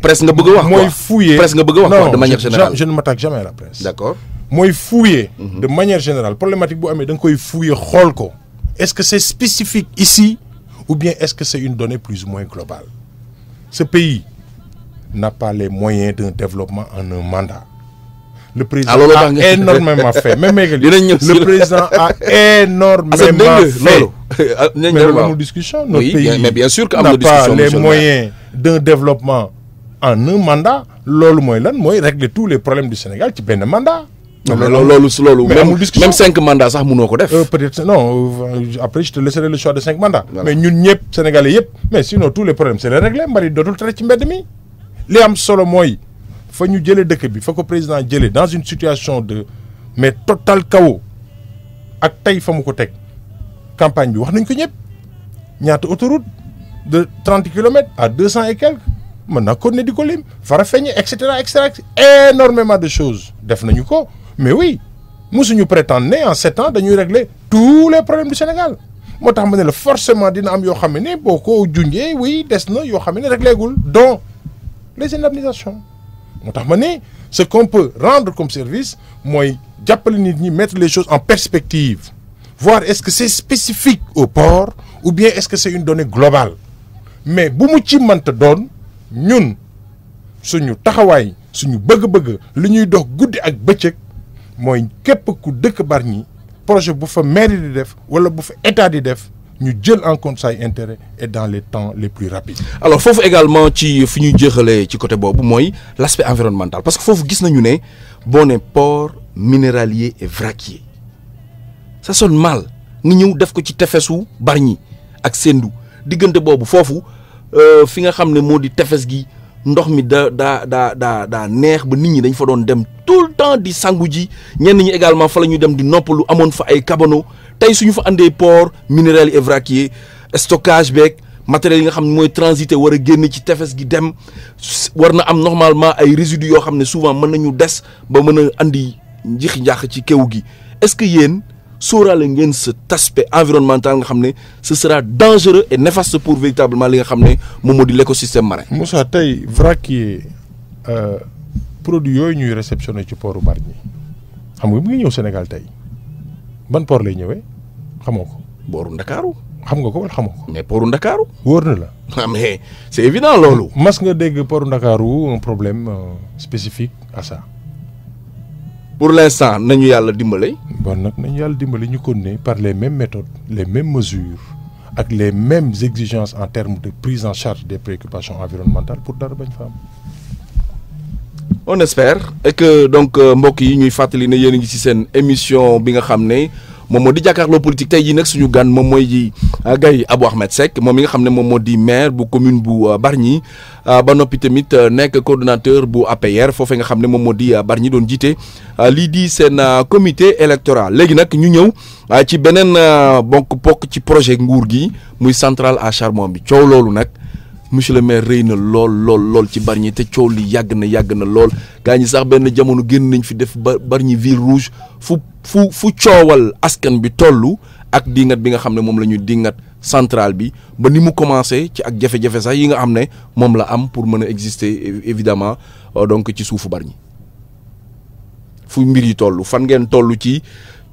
presse nga bëgg Moi il faut fouiller presse quoi de manière générale. je ne m'attaque jamais à la presse. d'accord faut fouiller. Mhm. de manière générale problématique bu amee da koy fouiller est-ce que c'est spécifique ici ou bien est-ce que c'est une donnée plus ou moins globale ce pays n'a pas les moyens d'un développement en un mandat. Le président ah, a énormément fait. le président a énormément fait. Mais *laughs* *laughs* nous ah, discussion, notre pays n'a pas les moyens d'un développement en un mandat. Lolo moy lan tous les problèmes du Sénégal qui un mandat. même, 5 mandats, ça, nous pas Peut-être, non. Euh, après, je te laisserai le choix de 5 mandats. Mais nous, les Sénégalais, mais sinon, tous les problèmes, c'est les régler. Marie, d'autres mi li am solo moy fa ñu jëlé dëkk bi fa ko président jëlé dans une situation de mais total chaos ak tay fa mu ko tek campagne bi wax nañ ko ñëpp ñaata autoroute de trente kilomètres à deux et quelques mën naa ko ne di ko lim fara feñe et cetera et cetera énormément de choses def nañu ko mais oui musuñu prétendre né en sept ans dañuy régler tous les problèmes du Sénégal motax mané le forcément dina am yo xamné boko boo oui des na yo xamné régler réglé gul donc les indemnisations ce qu'on peut rendre comme service c'est mettre les choses en perspective voir est-ce que c'est spécifique au port ou bien est-ce que c'est une donnée globale mais bu mu ci si ñun suñu si suñu bëgg-bëgg projet mairie ñu jël en compte say intérêt et dans les temps les plus rapides. alors faut également ci fi ñuy ci côté bobu moy l'aspect environnemental parce que faut gis nañu né boo ne port minéralier et vraquier ça sonne mal Ni ñëw def ko ci tefesu Bargny ak Sendou bobu fofu euh fi nga xamné modi tefes gi ndox mi da da da da, daa neex ba nit ñi dañ fa doon dem tout le temps di sangu ji ñenn ñi également fa lañu dem di noppalu amone fa ay kabano tay suñu fa andé port minéral et vraquier stockage bec matériel nga xam moy mooy transité war génn ci tefes gi dem warna am normalement ay résidus yo xam souvent mën nañu dess ba mën andi njix njaax ci kew gi est-ce que yeen sóoraale ngeen ce aspect environnemental nga xam ce sera dangereux et néfaste pour véritablement li nga xam ne di l'écosystème marin. Moussa tey vraquier euh, produit yoy ñuy réceptionné ci portu Bargny xam nga mu ngi ñew Sénégal tay ban port lay ñëwé xamoko boru booru xam nga ko wala xamoko mais portu un wor na la. *laughs* Ah, mais c'est évident lolu mas nga dégg portu Ndakaaru un problème euh, spécifique à ça. pour l'instant nañu yàlla dimbalé bon nous nañu yàlla dimbalé ñu connaissons par les mêmes méthodes les mêmes mesures avec les mêmes exigences en termes de prise en charge des préoccupations environnementales pour dara bañ on espère et que donc euh, mbok yi ñuy fatali ne yéen ngi ci sen émission bi nga xamné mom moom di jakarlo politique tay yi nak suñu gan mom moy yi euh, gay Abou Ahmed Seck mom mi nga xamné mom moom di maire bu commune bu euh, Barni, ba nopi tamit nek coordinateur bu APR foofee nga xamné mom moom di Bargny doon di sen comité électoral légui nak ñu ñew ci benen bonk pok ci projet nguur gi muy central à charbon bi ciow lolu nak monsieur le maire reyna lol, lol, lol. ci te ciow li yag na yag na lol gaa sax ben jamono fi def ba rouge fu fu fu ciowal askan bi tollu ak dingat bi nga xamne mom lañu dingat centrale bi ba ni mu commencé ci ak jafé ça, sax yi nga xamne mom la am pour exister évidemment euh, donc ci soufu fu mbir yi fan ngeen ci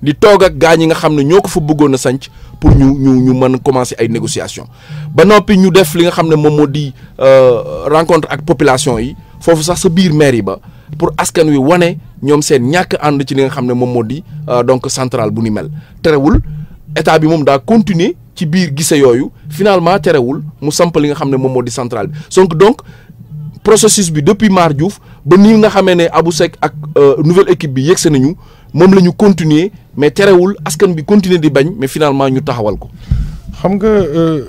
di tog ak gañ yi nga xam ñoko ñoo ko fa a sanc pour ñu ñu ñu mën commencer ay négociations ba nopi ñu def li nga xam mom modi euh rencontre ak population yi fofu sax sa bir maire yi ba pour askan wi woné ñom seen ñàkk and ci li nga xam mom modi euh, donc central bu ni mel terewul état bi mom da continuer ci bir gise yoyu finalement terewul mu samp li nga xam mom modi central di donc donc processus bi depuis Mar Diouf ba ni nga xamee Abou Seck ak euh, nouvelle équipe bi yexé nañu mom lañu continuer mais téréwul askan bi continuer di bañ mais finalement ñu taxawal ko. xam nga. Euh,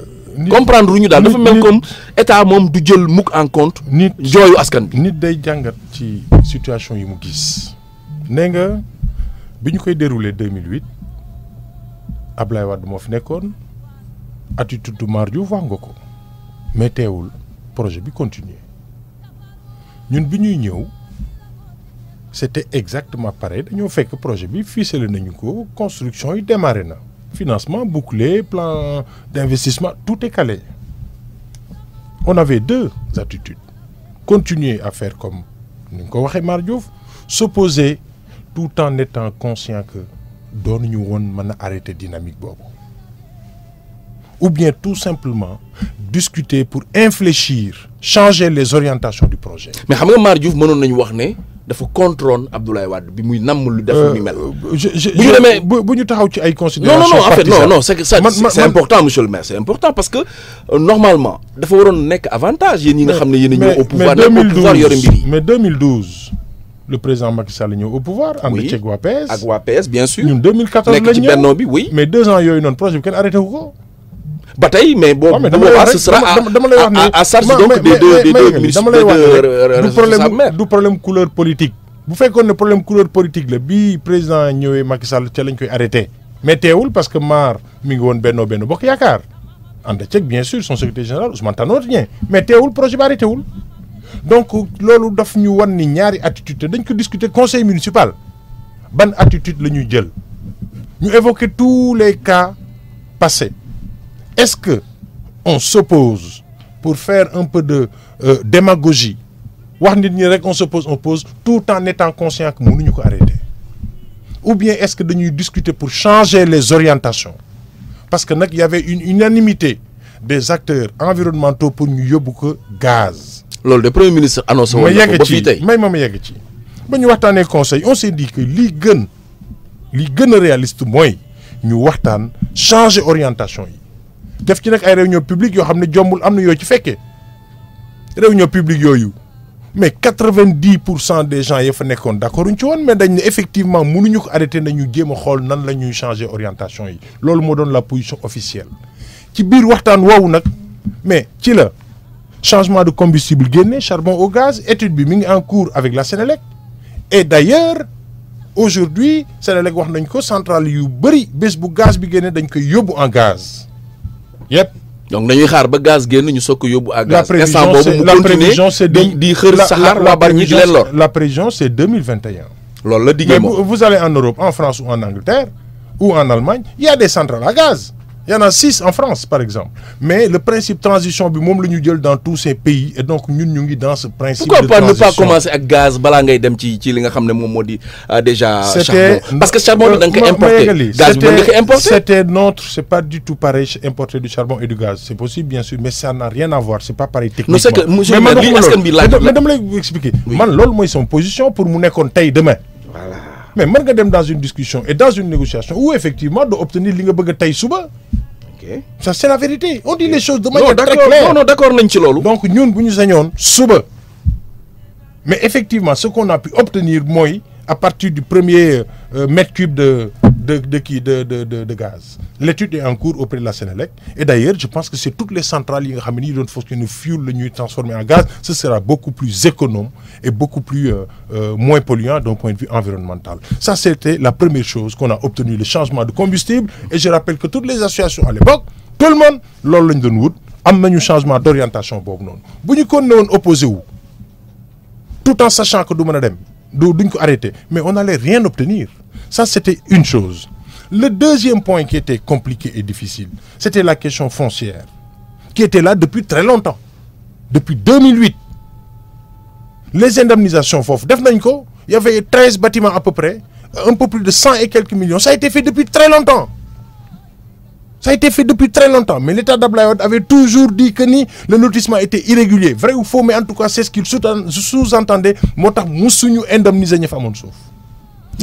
comprendre ruñu dal dafa mel comme état mom du jël mukk en compte. nit joyu askan bi. nit day jangat ci situation yi mu gis. né nga biñ koy déroulé 2008 Ablaye Wade mo fi nekkoon attitude du Mar wax nga ko mais teewul projet bi continuer ñun bi ñuy ñëw c'était exactement pareil que le projet bi ficelé nañu construction yi démarré financement bouclé plan d'investissement tout est calé on avait deux attitudes continuer à faire comme nous ko s'opposer tout en étant conscient que nous ñu won arrêter dynamique ou bien tout simplement discuter pour infléchir changer les orientations du projet mais xam dafa contrôle Abdoulaye Wade bi muy nam lu def mi euh, mel. je je bu ñu demee bu ñu taxaw ci ay. considérations non non en fait non non c'est ça important monsieur le maire c'est important parce que euh, normalement dafa waroon nek avantage yéen ñi nga xamné ne ñu a au pouvoir nekk au pouvoir mais 2012. le président Macky Sall est au pouvoir. ànd ceeg waa PS ak bien sûr. ñun 2014 lañ oui. mais deux ans yooyu une projet bi kenn arrêté wu ko ba mais bon, ce sera dama lay wax des à charge donc des deux des deux ministres problème du problème couleur politique faites fekkoon le problème couleur politique Le bi président ñëwé Macky Sall ca lañ koy arrêté mais téwul parce que mar mi ngi won benno en bokk yakar bien sûr son secrétaire général Ousmane Tanor rien mais téwul projet bi arrêté donc nous daf ñu won ni ñaari attitude dañ ko discuter conseil municipal ban attitude la jël ñu évoquer tous les cas passés est-ce que on s'oppose pour faire un peu de euh, démagogie on s'oppose on pose tout en étant conscient que nous ko arrêter ou bien est-ce que nous discuter pour changer les orientations parce que y avait une unanimité des acteurs environnementaux pour nous beaucoup ko gaz. Le le premier ministre annonce que nous ba Nous may conseil on s'est dit que les gën réaliste moy, changer orientation def ci nak ay réunion publique yo xamné ne jombul am na ci fekkee réunion publique yoyu mais 90% des gens ya fa d'accord uñ ci won mais dañ effectivement mënuñu ko arrêter nañu jéem xol nan lañuy changer orientation yi lolou mo doon la position officielle ci biir waxtaan woowu nak mais ci la changement de combustible génne charbon au gaz étude bi mi en cours avec la Sénélec et d'ailleurs aujourd'hui Sénélec wax nañ ko centrale yu bëri bes bu gaz bi génne dañ koy yobbu en gaz yep donc dañuy xaar ba gaz génn ñu soog ko à gaz la boobu mu continuer di di xër saxaar waa Bargny di lor la prévision c'est 2021 loolu la diggee mo vous allez en Europe en France ou en Angleterre ou en Allemagne il y a des centrales à gaz il y en a six en France, par exemple. Mais le principe transition, dans tous ces pays. Et donc, nous, nous dans ce principe Pourquoi de pas transition. ne pas commencer avec gaz, balangay dem ci ci li nga xamné mom euh, déjà charbon parce que charbon euh, donc importé gaz importé c'était notre c'est pas du tout pareil importer du charbon et du gaz c'est possible bien sûr mais ça n'a rien à voir c'est pas pareil techniquement mais je vais vous mais dama lay expliquer man lool moy position pour mu nekkon tay demain voilà mais man nga dem dans une discussion et dans une négociation où effectivement d'obtenir li nga bëgg tay suba ça c'est la vérité on dit les choses de manière très claire non non d'accord donc nous nous sommes mais effectivement ce qu'on a pu obtenir moi à partir du premier euh, mètre cube de de, qui, de, gaz. L'étude est en cours auprès de la Sénélec. Et d'ailleurs, je pense que c'est toutes les centrales qui faut que nous fuel nous transformé en gaz. Ce sera beaucoup plus économe et beaucoup plus euh, euh, moins polluant d'un point de vue environnemental. Ça, c'était la première chose qu'on a obtenu, le changement de combustible. Et je rappelle que toutes les associations à l'époque, tout le monde, lors de Nour, a changement d'orientation. changement d'orientation noonu nous. opposé tout en sachant que nous sommes arrêtés, mais on n'allait rien obtenir ça, c'était une chose. Le deuxième point qui était compliqué et difficile, c'était la question foncière, qui était là depuis très longtemps, depuis 2008. Les indemnisations il y avait 13 bâtiments à peu près, un peu plus de 100 et quelques millions. Ça a été fait depuis très longtemps. Ça a été fait depuis très longtemps. Mais l'État d'Ablaïot avait toujours dit que ni le lotissement était irrégulier. Vrai ou faux, mais en tout cas, c'est ce qu'il sous-entendait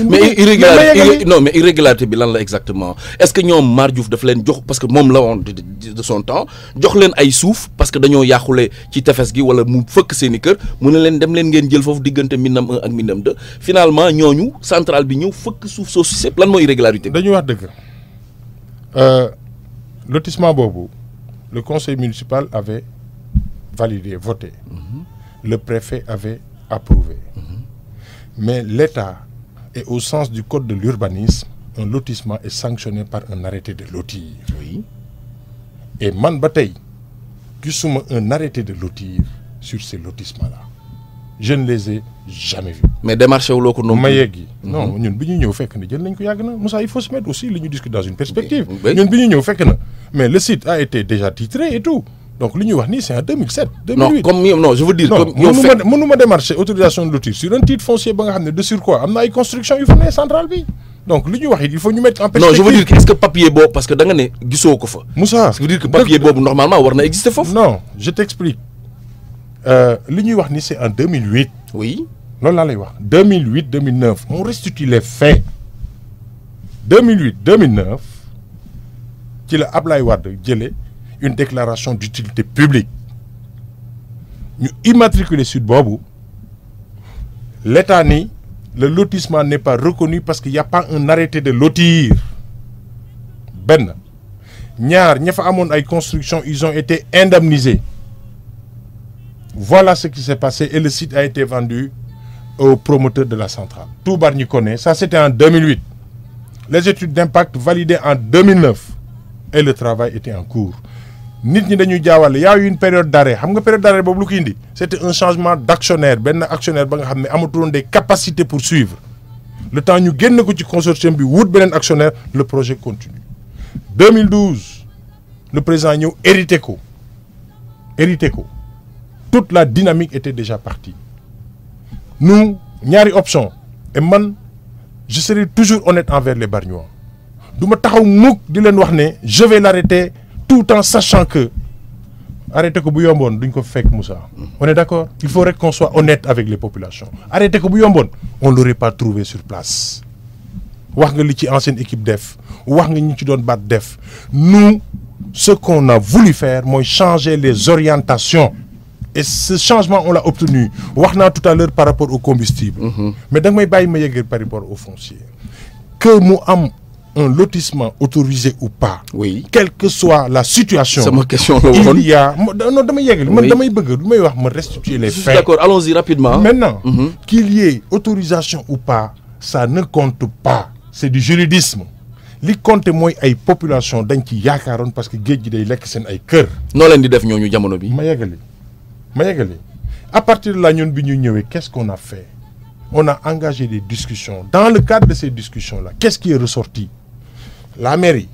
mais irrégularité non mais irrégularité bi lan la exactement est-ce que ñom Mar Diouf dafa leen jox parce que mom la woon de son temps jox leen ay souf parce que dañoo yàqule ci tefes gi wala mu fëkk seen kër mu ne leen dem leen ngeen jël fofu diggante Minam 1 ak Minam 2 finalement ñoñu centrale bi ñëw fëkk souf soosu sépp lan moy irrégularité dañu wax euh lotissement bobu le conseil municipal avait validé voté. Mhm. le préfet avait approuvé. Mhm. mais l'État et au sens du code de l'urbanisme, un lotissement est sanctionné par un arrêté de lotir. Oui. Et Man Bataille, qui soumets un arrêté de lotir sur ces lotissements-là. Je ne les ai jamais vus. Mais démarchez au loco non. Mais mhm. non, ñun biñu na nous nañ Moussa il faut se mettre aussi nous discutons dans une perspective. Ben. ñun biñu que na mais le site a été déjà titré et tout donc l'union c'est en 2007. 2008 non comme non je veux dire. comme nous fekk autorisation de l'outil sur un titre foncier de sur quoi am a une construction il faut une centrale donc l'union il faut nous mettre en perspective. non je veux dire est-ce que papier bon parce que da nga ne gisoo fa. Moussa je veux dire que papier est bon. normalement il existe exister non je t'explique euh, L'union ni c'est en 2008. oui Non, 2008 2009 on restitue les faits 2008 2009 qui la Ablaye Wade jëlee une déclaration d'utilité publique Nous immatriculer sud bobo l'état ni le lotissement n'est pas reconnu parce qu'il n'y a pas un arrêté de lotir ben ñaar ña fa construction ils ont été indemnisés voilà ce qui s'est passé et le site a été vendu aux promoteur de la centrale tout ni connaît ça c'était en 2008 les études d'impact validées en 2009 et le travail était en cours nit y a eu une période d'arrêt xam nga période d'arrêt c'était un changement d'actionnaire benn actionnaire ba nga xam des capacités pour suivre le temps ñu génn ko ci consortium bi wut actionnaire le projet continue 2012 le président ñëw hérité ko toute la dynamique était déjà partie nous ñaari option et man je serai toujours honnête envers les barnois du ma taxaw mukk di leen wax je vais l'arrêter tout en sachant que arrêtez que bu yomboon duñ ko Moussa on est d'accord il faudrait qu'on soit honnête avec les populations arrêté que bu yomboon on l'aurait pas trouvé sur place wax nga li ci ancienne équipe def wax nga ñi ci doon def nous ce qu'on a voulu faire c'est changer les orientations et ce changement on l'a obtenu waxna tout à l'heure par rapport au combustible mm-hmm. mais dang may bàyyi par rapport au foncier que mu am un lotissement autorisé ou pas, oui. quelle que soit la situation, ma question. Il y a. Non, je restituer les faits. D'accord, allons-y rapidement. Maintenant, mhm. qu'il y ait autorisation ou pas, ça ne compte pas. C'est du juridisme. li compte à ay population dañ ci caron parce que les gens day lekk seen ay di def à partir de là qu'est-ce qu'on a fait on a engagé des discussions dans le cadre de ces discussions là qu'est-ce qui est ressorti la mairie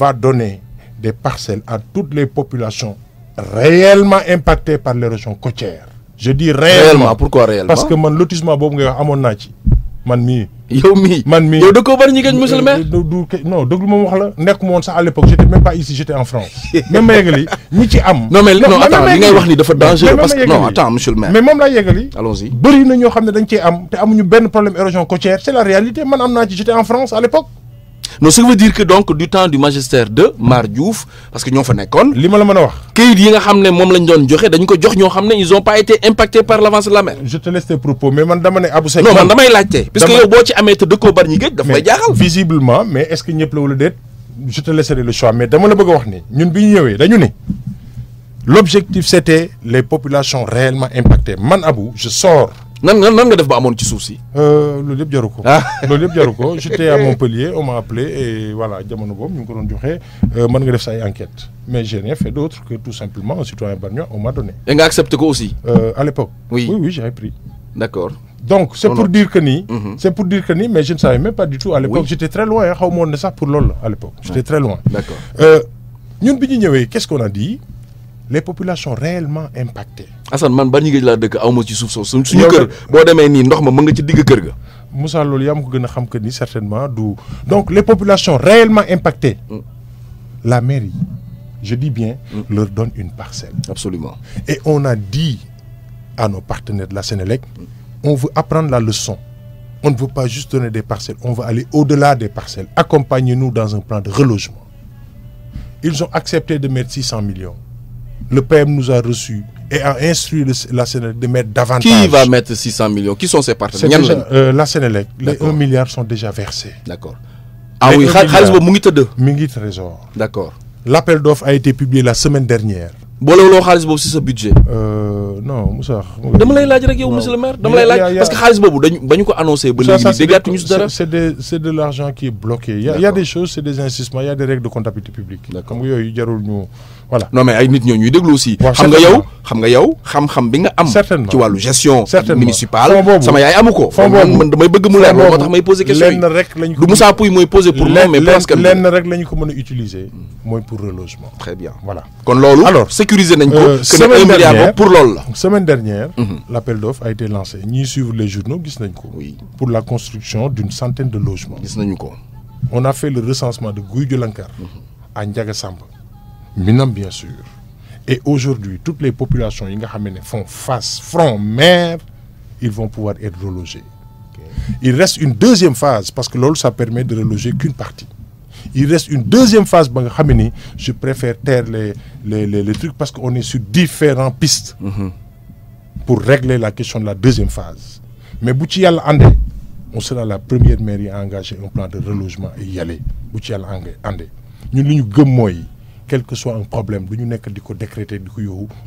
va donner des parcelles à toutes les populations réellement impactées par l'érosion côtière. Je dis réellement. réellement pourquoi réellement Parce que mon lotissement boobu nga wax amoon ci man mi. yow mi. man mi. yow da koo bari monsieur euh, non déglu ma wax la nekk moon sax à l'époque j'étais même pas ici j'étais en France. même ma yëgali ñi ci am. non mais non attends li ngay wax ni dafa dangereux non attends monsieur le maire. mais même la Yegali. allons-y bëri na ñoo xam ne dañ cee am te amuñu problème érosion côtière c'est la réalité man am j'étais en France à l'époque nous ce qui veut dire que donc du temps du magistère de Marjouf, parce que nous fa fait li ma la mën wax. kayit yi nga xam lañ ils ont pas été impactés par l'avancée de la mer. je te laisse tes propos mais man dama ne Abou Seck. non man damay laajte. parce que yow boo ci amee te dëkkoo bari ñi géej jaaxal. visiblement mais est ce que ñëpp la wala je te laisserai le choix mais dama la bëgg a wax ni ñun bi ñu dañu les populations réellement impactées man Abou je sors nan nan nga def ba euh, j'étais ah. *laughs* *laughs* à Montpellier on m'a appelé et voilà jamono bob ñu ko on joxé euh man nga def sa mais j'ai rien fait d'autre que tout simplement un citoyen barnois on m'a donné. et nga accepté aussi. Euh, à l'époque oui oui oui j'avais pris. d'accord. donc mhm. c'est pour dire que ni c'est pour dire mais je ne savais même pas du tout à l'époque j'étais très loin hein, ne pour à l'époque j'étais très loin. d'accord euh, ñun qu'est-ce qu'on a dit les populations réellement impactées. donc les populations réellement impactées. Mm. la mairie je dis bien. Mm. leur donne une parcelle. absolument et on a dit à nos partenaires de la Sénélec mm. on veut apprendre la leçon. On ne veut pas juste donner des parcelles, on veut aller au-delà des parcelles. Accompagnez-nous dans un plan de relogement. Ils ont accepté de mettre 600 millions le PM nous a reçus et a instruit la Sénélec de mettre davantage. Qui va mettre 600 millions Qui sont ses partenaires euh, La Sénélec, les 1 milliard sont déjà versés. D'accord. Ah oui, Khalisbo Mungit 2. Mungit Trésor. D'accord. L'appel d'offres a été publié la semaine dernière. boolewuloo xaalis boobu sur ce budget. Euh, non Moussa. lay monsieur le maire parce que Khalis annoncé. c'est c'est de l'argent qui est bloqué. il y a des choses c'est des insistements. il y a des règles de comptabilité publique. Il y a ñu voilà non mais ay nit ñoo ñuy déglu aussi. xam nga yow xam nga yow xam-xam bi nga am. ci walu gestion. municipale sama yaay amuko ko. fond boobu man damay bëgg mu leer moo may poser question yi lenn rek lañ du Moussa Pouye mooy poser pour moi mais parce que lenn rek lañ ko mëna utiliser. moy hmm. pour relogement. très bien voilà kon loolu. alors sécuriser nañ ko. Euh, semaine dernière pour loolu semaine dernière. l'appel d'offre a été lancé ñi suivre les journaux gis nañ ko. oui pour la construction d'une centaine de logements. gis nañ ko. on a fait le recensement de Gouye Diolancar. Hmm. à Ndiaga Samba maintenant bien sûr. Et aujourd'hui, toutes les populations font face front mer, ils vont pouvoir être relogés. Il reste une deuxième phase, parce que l'OL, ça permet de reloger qu'une partie. Il reste une deuxième phase, je préfère taire les, les, trucs parce qu'on est sur différentes pistes mhm. pour régler la question de la deuxième phase. Mais Boutial Andé, on sera la première mairie à engager un plan de relogement et y aller. Boutial Andé. Nous, nous, quel que soit un problème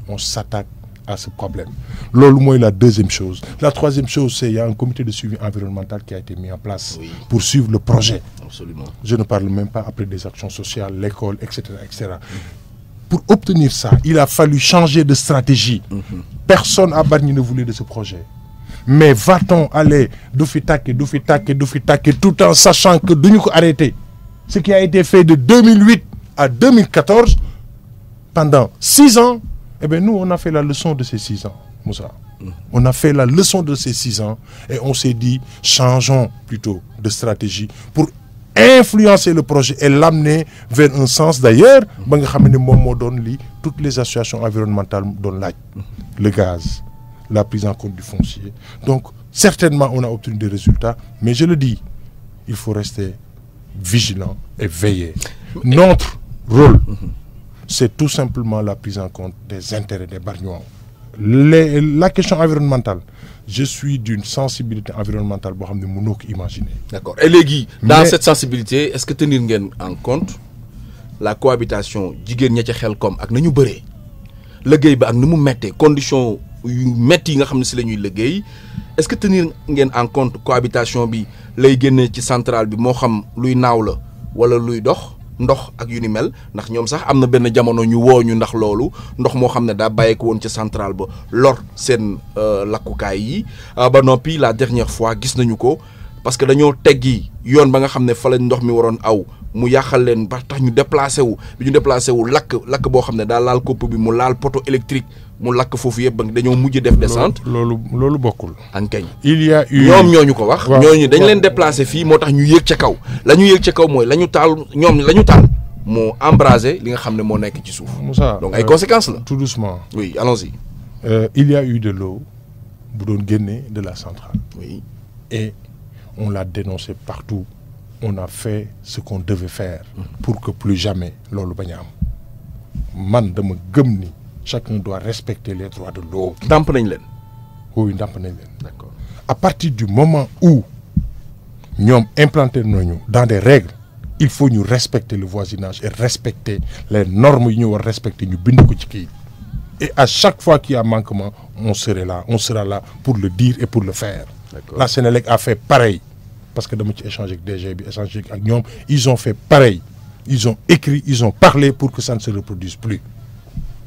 on s'attaque à ce problème loolu est la deuxième chose la troisième chose c'est qu'il y a un comité de suivi environnemental qui a été mis en place pour suivre le projet Absolument. je ne parle même pas après des actions sociales l'école etc etc pour obtenir ça il a fallu changer de stratégie mm-hmm. personne à Bargny ne voulait de ce projet mais va-t-on aller tout en sachant que nous arrêter ce qui a été fait de 2008 à 2014, pendant six ans, et eh bien, nous, on a fait la leçon de ces six ans, Moussa. Mm. On a fait la leçon de ces six ans et on s'est dit, changeons plutôt de stratégie pour influencer le projet et l'amener vers un sens. D'ailleurs, toutes les associations environnementales dont la le gaz, la prise en compte du foncier. Donc, certainement, on a obtenu des résultats, mais je le dis, il faut rester vigilant et veiller. Notre Mhm. c'est tout simplement la prise en compte des intérêts des barrières. la question environnementale, je suis d'une sensibilité environnementale boo ne imaginer. d'accord et dans cette sensibilité est-ce que tenir en compte la cohabitation de ña ca xel kom ak na ñu bëree liggéey bi ak condition nga est-ce que tenir en compte La cohabitation bi est ci centrale bi moo xam luy Ou ndox ak yu ni mel ndax ñoom sax am na benn jamono ñu woo ñu ndax loolu ndox moo xam ne daa bàyyeeku woon ca centrale ba lor seen euh, lakkukaay yi euh, ba noppi la dernière fois gis nañu ko parce que dañoo teggi yoon ba nga xam ne fa la ndox mi waroon aw mu yàqal leen ba tax ñu déplacé wu bi ñu déplacé wu lakk lakk boo xam ne daa laal kopp bi mu laal poteau électrique mu lakk foofu yëpp dañoo mujj def descente. loolu loolu bokkul. ankañ il y a eu ñoom ñooñu ko wax. ñooñu dañ leen déplacer fii moo tax ñu yéeg ca kaw. la ñu yéeg ca kaw mooy la ñu taal ñoom la ñu taal moo embrasé li nga xam ne moo nekk ci suuf. Moussa donc ay euh, conséquences la. tout doucement oui allons-y. Euh, il y a eu de l'eau bu doon génnee de la centrale. oui et on l'a dénoncé partout on a fait ce qu'on devait faire. Mm. pour que plus jamais loolu bañ a am man dama gëm ni chacun doit respecter les droits de l'autre. oui d'accord à partir du moment où avons implanté dans des règles il faut nous respecter le voisinage et respecter les normes que nous respecter et à chaque fois qu'il y a un manquement on serait là on sera là pour le dire et pour le faire. la Sénélec a fait pareil parce que nous ci échangé avec DG bi ils ont fait pareil ils ont écrit ils ont parlé pour que ça ne se reproduise plus.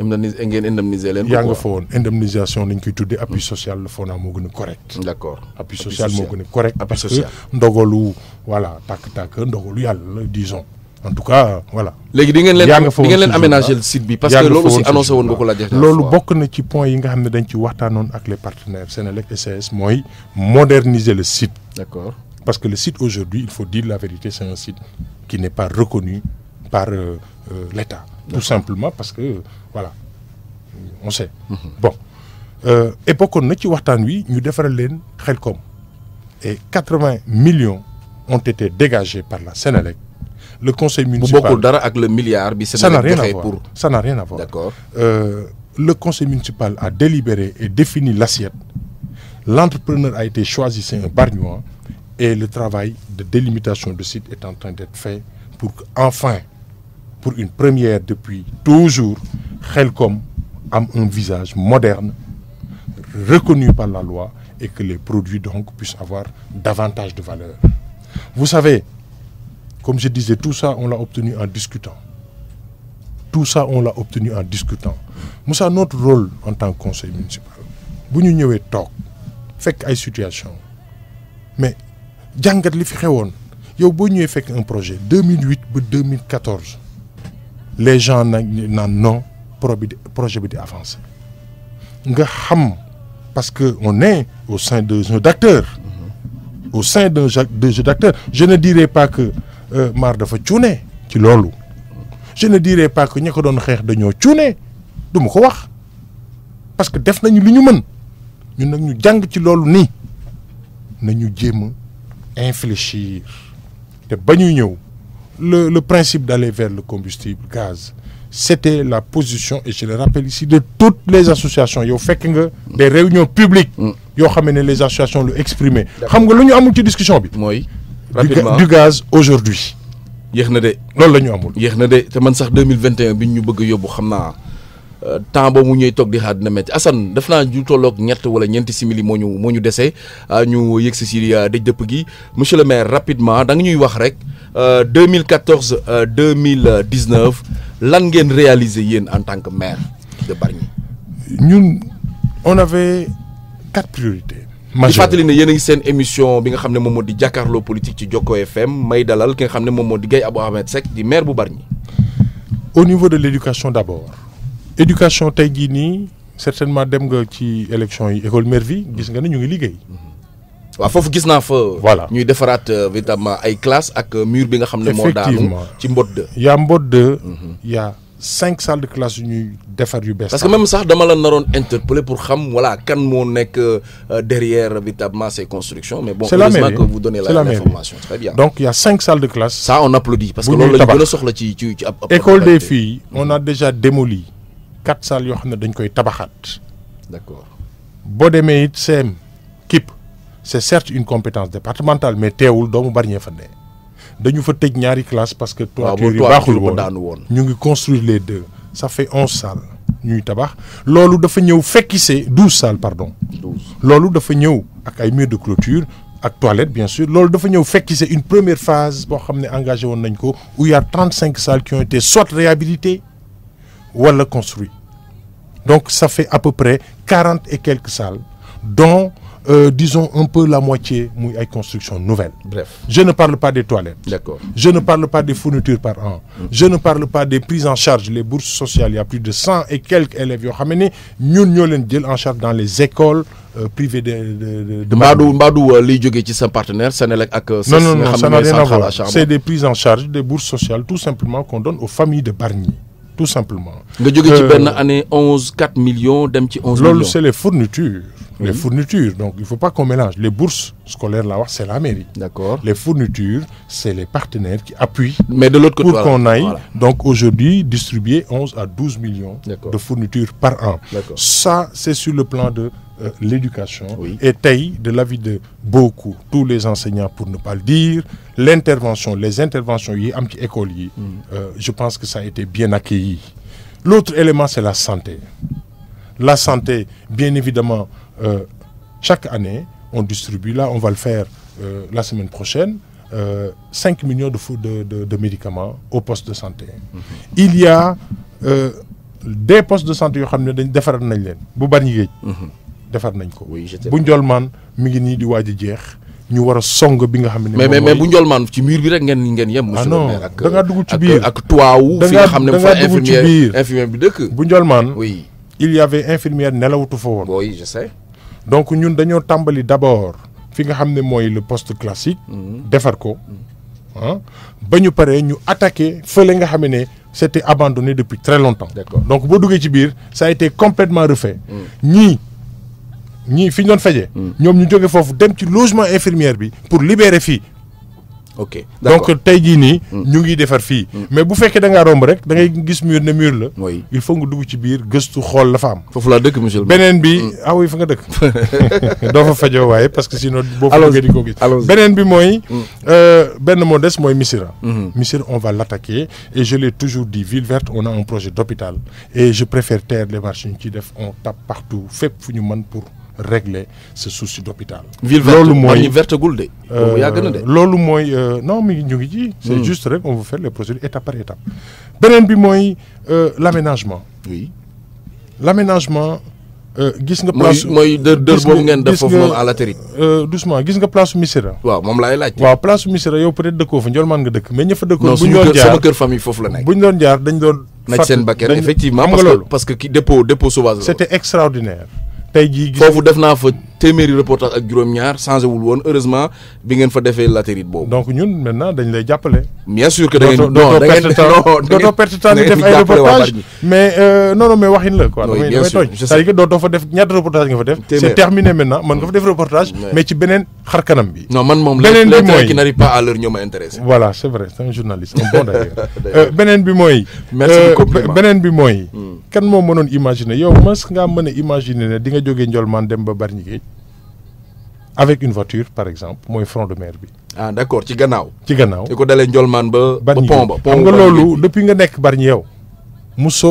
indemniser ngeen indemniser leen. yaa nga indemnisation lañ appui social le Fona correct. D'accord. appui social moo correct. correct. parce que ndogalu voilà tac, tàkk ndogalu yàlla disons. en tout cas voilà. légui di ngeen len di aménager le site bi parce que lolu aussi annoncé won nga ko la def. lolu bokk na ci point yi nga xamné dañ ci waxtanon ak les partenaires Sénélec SCS moy moderniser le site. D'accord. parce que le site aujourd'hui il faut dire la vérité c'est un site qui n'est pas reconnu par euh, euh, l'État tout simplement parce que voilà on sait. Mhm. bon et pour pas ci nuit... wi ñu defaral leen xel et 80 millions ont été dégagés par la Sénélec. le conseil municipal le milliard ça n'a rien à voir ça n'a rien à voir d'accord euh, le conseil municipal a délibéré et défini l'assiette l'entrepreneur a été choisi c'est un barnois. et le travail de délimitation de site est en train d'être fait pour qu'enfin pour une première depuis toujours, Quelqu'un a un visage moderne, reconnu par la loi, et que les produits donc puissent avoir davantage de valeur. Vous savez, comme je disais, tout ça, on l'a obtenu en discutant. Tout ça, on l'a obtenu en discutant. Moussa, notre rôle en tant que conseil municipal, Si nous avons talk, situation mais situations... li fi un projet 2008 2014 les gens nag naan non projet bi di avancé nga xam parce que on est au sein de jeu d'acteur au sein d'un jeu d'acteur je ne dirais pas que euh, Mar dafa cuune ci loolu je ne dirais pas que ñi ko doon xeex dañoo cuune du ma ko wax parce que def nañu lu ñu mën ñun nag ñu jàng ci loolu nii nañu jéem a infléchir te ba ñuy le, le principe d'aller vers le combustible gaz c'était la position et je le rappelle ici de toutes les associations yow fait que des réunions publiques mm. yoo xam ne les associations le exprimer xam nga lu ñu amul ci discussion bi. mooy rapidement du gaz aujourd'hui yéex na de loolu la ñu amul. de te man sax 2021 bi ñu bëgg a yóbbu xam naa euh, temps ñuy tok di xaar na metti Assane def na ju tolok ñett wala ñenti simili moo ñu moo ñu dese ah, ñu yëg si ah, gi monsieur le maire rapidement da nga ñuy wax rek. 2014 euh, 2019 euh, lan ngeen réalisé yéen en tant que maire de Bargny. ñun on avait quatre priorités. majeures di fàttali ne yéen ngi seen émission bi nga xamné mom moom di politique ci Joko FM may dalal ki nga xamné moment de moo di Abou Ahmed Seck di maire bu Bargny. au niveau de l'éducation d'abord, éducation tay jii certainement dem nga ci élection yi école Mervi gis nga ne ñu ngi liggéey. Mm-hmm waaw foofu gis naa fa. voilà ñuy defaraat euh, véritablement ay classes ak euh, mur bi nga xam ne moo daanu ci Mbodj 2. y' a Mbodj 2. Mhm. y' a cinq salles de classe yu ñuy defar yu bees. parce que même sax dama la naroon interpeller pour xam voilà kan moo nekk euh, derrière véritablement ces constructions. mais bon heureusement que vous donnez la information très bien. donc y' a cinq salles de classe. ça on applaudit parce que loolu la ñu gën a soxla ci ci ci ab. école des filles mhm. on a déjà démoli quatre salles yoo xam ne dañ koy tabaxaat. d' accord boo demee it CM KIP c'est certes une compétence départementale mais teewul doomu bari fa ne Nous fa fait ñaari classe parce que ah, toiture tu baaxul Nous les deux ça fait 11 salles Nous avons fait 12 salles pardon salles... dafa ñëw ak murs de clôture ak toilettes bien sûr une première phase où il y a 35 salles qui ont été soit réhabilitées Ou construites donc ça fait à peu près 40 et quelques salles dont euh, disons un peu la moitié à construction nouvelle bref je ne parle pas des toilettes d'accord je ne parle pas des fournitures par an mm. je ne parle pas des prises en charge les bourses sociales il y a plus de 100 et quelques élèves qui ont en charge dans les écoles euh, privées de de euh, non non ça n'a rien à voir c'est des prises en charge des bourses sociales tout simplement qu'on donne aux familles de Barnier tout simplement. nga jóge ci ben année 11, 4 millions d'un petit 11 millions. c'est les fournitures. les fournitures donc il faut pas qu'on mélange les bourses scolaires là bas c'est la mairie. d'accord les fournitures c'est les partenaires qui appuient. mais de l'autre côté pour qu'on aille donc aujourd'hui distribuer 11 à 12 millions. de fournitures par an. ça c'est sur le plan de euh, l'éducation. et taille de l'avis de beaucoup tous les enseignants pour ne pas le dire l'intervention les interventions yi am école yi. Mm. Euh, je pense que ça a été bien accueilli. l'autre élément c'est la santé la santé bien évidemment euh, chaque année on distribue là on va le faire euh, la semaine prochaine euh, 5 millions de, de, de, de, médicaments au postes de santé. santé, mm-hmm. Il y a euh, des postes de santé a des postes dañ santé, nañ y bu des postes de nañ ko. y a des mi ngi santé, di y a santé ñu war a song bi nga xam ne. mais mais bu man ci mur bi rek ngeen ngeen yem. ah non da ngaa dugg ci biir ak tuwaawu. fi nga xam ne fa infirmière infirmière bi dëkk. bu man oui. il y avait infirmière nelawutu fa woon. oui je sais. donc ñun dañoo tàmbali d' abord. fi nga xam ne mooy le poste classique. Mm-hmm. defar ko. ah ba ñu paree ñu attaqué fële nga xam ne c' était abandonné depuis très longtemps. d' donc bo duggee ci biir ça a été complètement refait mm. ñii ñii fi ñu doon fajee. Hmm. ñoom ñu jóge foofu dem ci logement infirmière bi pour libérer fii. ok donc tey jii nii. Hmm. ñu ngi defar fii. Hmm. mais bu fekkee da ngaa romb rek da ngay gis mur ne mur la. il faut nga dugg ci biir gëstu xool la fa am. foofu laa dëkk monsieur beneen bi ah oui fa nga dëkk. *laughs* doo fa fajoo waaye parce que sinon. boo fa jógee di ko gis beneen bi mooy. Euh, benn moo des mooy Missirah. Missirah on va l'attaquer et je l'ai toujours dit Ville Verte on a un projet d'hôpital et je préfère taire les marchés ñu def on tape partout fépp fu ñu mën pour régler ce souci d'hôpital Ville vertegul de euh, euh, non c'est hmm. juste on veut faire les procédures étape par étape Benen bi moy euh, l'aménagement oui l'aménagement gis nga place moy dër de def à la doucement gis place misera. waaw mom lay laaj place Missira yow peut être place de man nga dëkk mais ñafa de bu ñol famille la nekk de jaar dañ effectivement parce que dépôt c'était extraordinaire tey jii. foofu def naa fa téeméeri reportage ak juróom-ñaar changé wul woon heureusement bi ngeen fa defee latérite boobu. donc ñun maintenant dañ lay jàppale. bien sûr que da ngeen non da ngeen dootoo perte temps def ay reportage mais euh, non non mais waxin la quoi. damay damay tooñ c'est-à-dire que dootoo fa def ñaata reportage nga fa def. c'est terminé maintenant man nga fa def reportage. mais ci beneen xarkanam bi. non man moom benen bi mooy qui n'arrive pas à l'heure ñoo ma intéressé. voilà c'est vrai c'est un journaliste un bon d'ailleurs. *laughs* Euh, benen bi mooy. merci euh, beaucoup beneen bi mooy. Hmm. kan moo mënoon imaginer yow mas nga mën a imaginer ne di nga jógee Ndiolmane dem ba Bargny Géej avec une voiture par exemple moy front de mer bi. ah d'accord ci gannaaw. ci gannaaw di ko dalee Njolmaan ba. ba pont ba xam nga loolu depuis nga nek Bargny yow.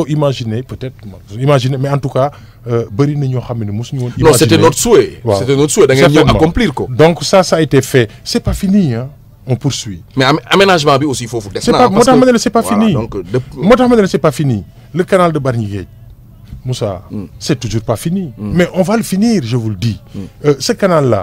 imaginer peut-être imaginer mais en tout cas euh, bari na ñoo xamné musu ñu won imaginer non c'était notre souhait. c'était notre souhait da ngeen accomplir quoi donc ça ça a été fait c'est pas fini hein. on poursuit. mais aménagement bi aussi il faut na. C'est pas. ma c'est pas fini donc moo c'est pas fini le canal de Barnier, Guedj Moussa. Hmm. c'est toujours pas fini. Hmm. mais on va le finir je vous le dis. Hmm. Euh, ce canal là.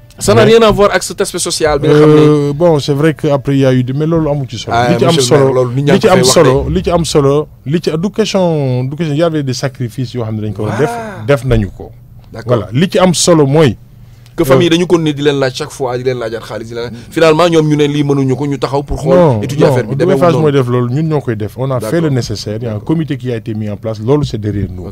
ça n'a rien à voir avec cet aspect social bi nga euh, bon c'est vrai que après y' a eu mais lolo amu ci solo. li ci am solo li ci am solo li ci am solo du question du question y' avait des sacrifices yo xam dañ ko def. def nañu ko. voilà li ci am solo moy que famille euh, dañu ko ne di len laaj chaque fois di len laajaat xaalis di finalement ñom ñu ne lii mënuñu ko ñu taxaw pour xool étudier affaire bi demee non non def loolu ñun ñokoy def on a fait le nécessaire Il y a un comité qui a été mis en place Lolo c'est derrière nous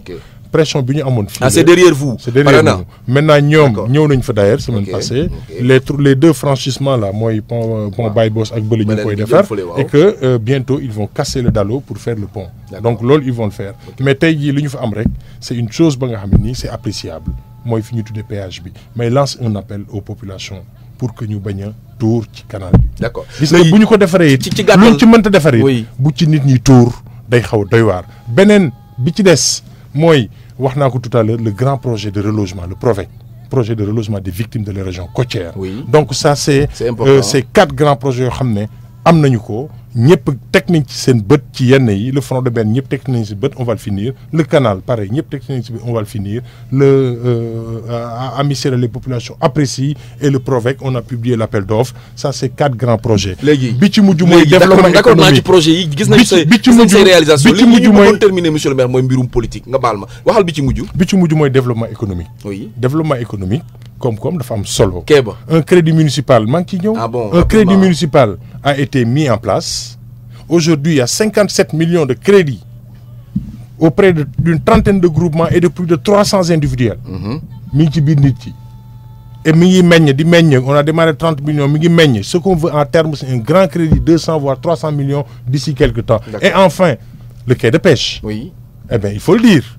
pression bi ñu amoon. ah c'est derrière vous. c'est derrière nous maintenant ñom ñëw nañ fa d'ailleurs semaine passée. les les deux franchissements là moy pont euh, pont ah. boss ak bële ñu koy defar. et que euh, bientôt ils vont casser le dallot pour faire le pont. donc l'ol ils vont le faire. mais tay jii li ñu fa am rek c'est une chose ba nga xam c'est appréciable moy fi ñu tuddee péage bi mais lance un appel aux populations pour que nous baignons tout ci canal bi. d'accord gis nga bu ñu ko defaree ci ci gàttal luñ ci mënta defaree. bu ci nit ñi tour day xaw doy war benen bi ci dess moy tout à l'heure le grand projet de relogement le PROVEC projet de relogement des victimes de la région côtière donc ça euh, c'est quatre grands projets qui ñëpp teg nañ ci seen bët ci yenn yi le front de benn ñëpp teg nañ ci bët on va le finir le canal pareil ñëpp teg nañ ci bët on va le finir le euh, euh Amisera les populations apprécient et le PROVEC on a publié l' appel d' offre ça c' est quatre grands projets. léegi bi ci mujj mooy. développement économique projet yi gis nañu say bi ci mujj réalisation li ñu bëggoon terminer monsieur le maire mooy mbirum politique nga baal ma waxal bi ci mujj. bi ci mujj mooy développement économique. oui développement économique comme comme femme femmes solo. un crédit municipal maa ah un crédit municipal a été mis en place. aujourd'hui il y a 57 millions de crédits auprès d'une trentaine de groupements et de plus de 300 individuels. Mhm. et on a démarré 30 millions ce qu'on veut en termes c'est un grand crédit 200 voire 300 millions d'ici quelques temps. et enfin le quai de pêche. oui eh bien il faut le dire.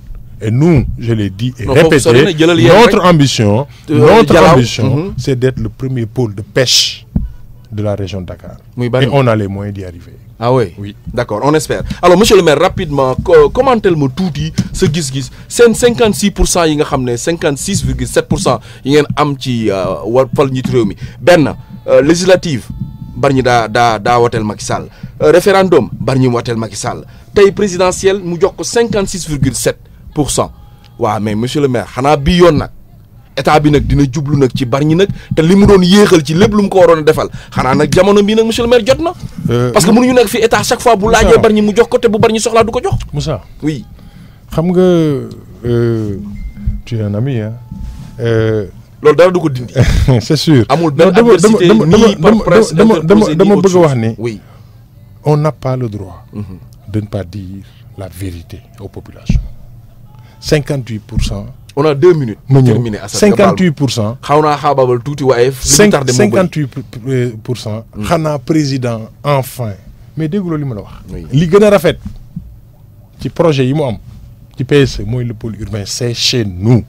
Et nous, je l'ai dit et répété, notre ambition, euh, euh, notre ambition, mhm. c'est d'être le premier pôle de pêche de la région de Dakar. et on a les moyens d'y arriver. Ah oui Oui. D'accord, on espère. Alors, monsieur le maire, rapidement, comment me tout dit ce gis-gis C'est 56%, il y a 56,7% il y a am ci Ben législative barñi da da référendum barñi watel Macky Sall. présidentielle, présidentiel 56,7 pour cent waaw mais monsieur le maire xanaa bi yoon nag état bi nag dina jublu nag ci Bargny nag te li mu doon yéexal ci lépp lu mu ko waroon a defal xanaa nag jamono bii nag monsieur le maire jot na. Euh, parce que mënuñu nekk fi état chaque fois bu laajee Bargny mu jox ko te bu Bargny soxlaa du ko jox. Moussa oui. xam nga euh, tu es un ami hein. Euh, loolu dara du ko dindi. *laughs* c'est sûr amul benn adversité nii par presse dama dama dama bëgg a wax ni. oui on n'a pas le droit. Mhm. de ne pas dire la vérité aux populations. 58 on a deux minutes. mu terminer 58 58 pour hmm. président enfin mais dégguloo li ma la wax. li gën a rafet ci projet yi mu am ci PS e le pôle urbain c'est chez nous.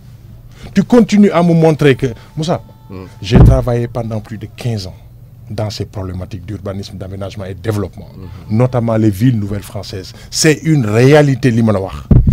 tu continues à me montrer que Moussa. Hmm. j'ai travaillé pendant plus de 15 ans dans ces problématiques d'urbanisme, d'aménagement et de développement, hmm. notamment les villes nouvelles françaises. C'est une réalité, li la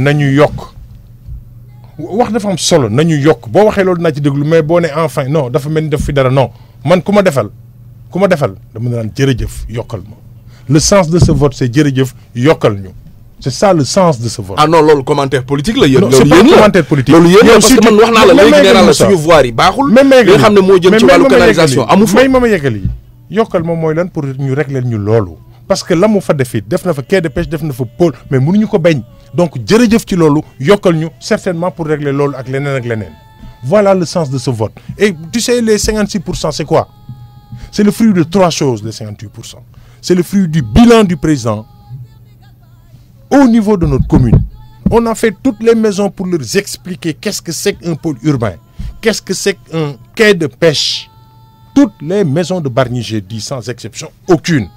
nañu yokk wax dafa am solo nañu yokk boo waxee loolu naa ci mais enfin non dafa fi dara non man ku defal ku ma defal dama naan jërëjëf yokkal ma le sens de ce vote c'est c'est ça le sens de ce vote. ah non loolu commentaire politique la yéen. loolu pas un commentaire politique. loolu parce que man wax naa la léegi nee la suñu voir yi baaxul. même nga jëm ci canalisation amu fa. yi lan pour ñu régler ñu parce que la fa defit def na fa de pêche def na fa pôle mais mënuñu ko donc jërëjëf ci lolu ñu certainement pour régler lolu ak Glenen ak voilà le sens de ce vote et tu sais les 56 c'est quoi c'est le fruit de trois choses les 58 c'est le fruit du bilan du président au niveau de notre commune on a fait toutes les maisons pour leur expliquer qu'est-ce que c'est qu'un pôle urbain qu'est-ce que c'est qu'un quai de pêche toutes les maisons de Barnigé, j'ai dit sans exception aucune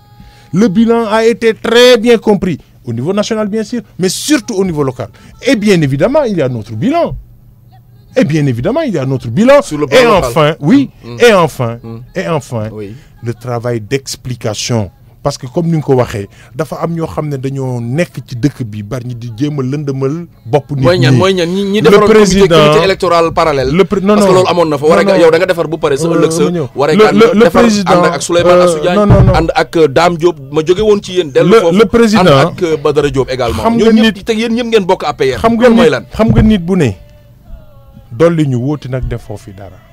le bilan a été très bien compris au niveau national bien sûr, mais surtout au niveau local. Et bien évidemment, il y a notre bilan. Et bien évidemment, il y a notre bilan. et, Enfin, oui, et enfin, et enfin, le travail d'explication parce que comme ni nga ko waxee dafa am ñoo xam ne dañoo nekk ci dëkk bi bari ñi di jéem a lëndëmal bopp nit ñi mooy ñan ñi defaroon comité comité électoral parallèle le non parce que loolu amoon na fa war a yow da defar bu pare sa euh, ëllëg sa war a defar ànd ak Souleymane euh, Assou Diagne ànd ak euh, Dame Diop ma jóge woon ci yéen dellu foofu le président ànd ak Badara Diop également xam nga nit te yéen ñëpp ngeen bokk APR xam nga xam nga nit bu ne dolli ñu wóoti nag def foofu dara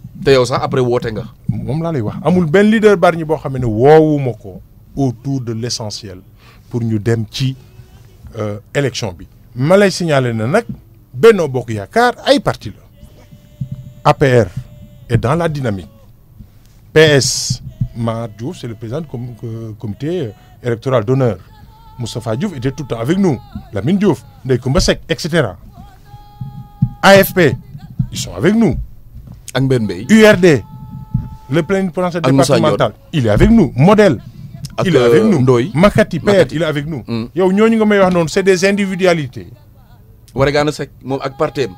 te yow sax après woote nga. moom laa lay wax amul benn leader qui boo xam ne woowuma autour de l'essentiel pour ñu dem ci euh, élection bi. ma lay signaler na nag Benno Bokk Yaakaar ay parti APR est dans la dynamique. PS Madouf, c'est le président du euh, comité euh, électoral d'honneur Moustapha Diouf était tout le temps avec nous Lamine Diouf Ndeye Koumba Seck AFP ils sont avec nous ak Mbène URD. le plénipotentiaire départemental il est avec nous modèle. ak il est avec nous euh, Ndoye Makati Payet il est avec nous. Mm. yow ñooñu nga may wax non, c'est des individualités. Waragana Seck moom ak parteem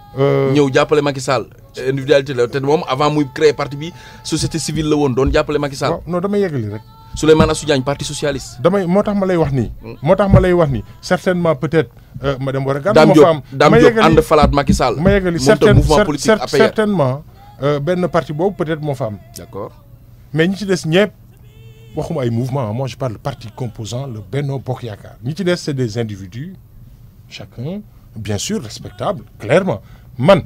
ñeu jàppale Macky Sall. individualité la té mom avant muy créer parti bi société civile la won doon jàppale Macky Sall. non damay yeggali rek. Souleymane Assou parti socialiste. damay moo tax ma lay wax ni motax mm. ma lay wax ni. certainement peut-être euh, madame Waragana. moo fa am Dame Diop Dame Diop Macky Sall. ma yeggali certainement. Euh, benn parti peut-être mon femme.. d'accord mais ñi ci des mouvement moi je parle parti composant le Benno Bokk des c'est des individus chacun bien sûr respectable clairement man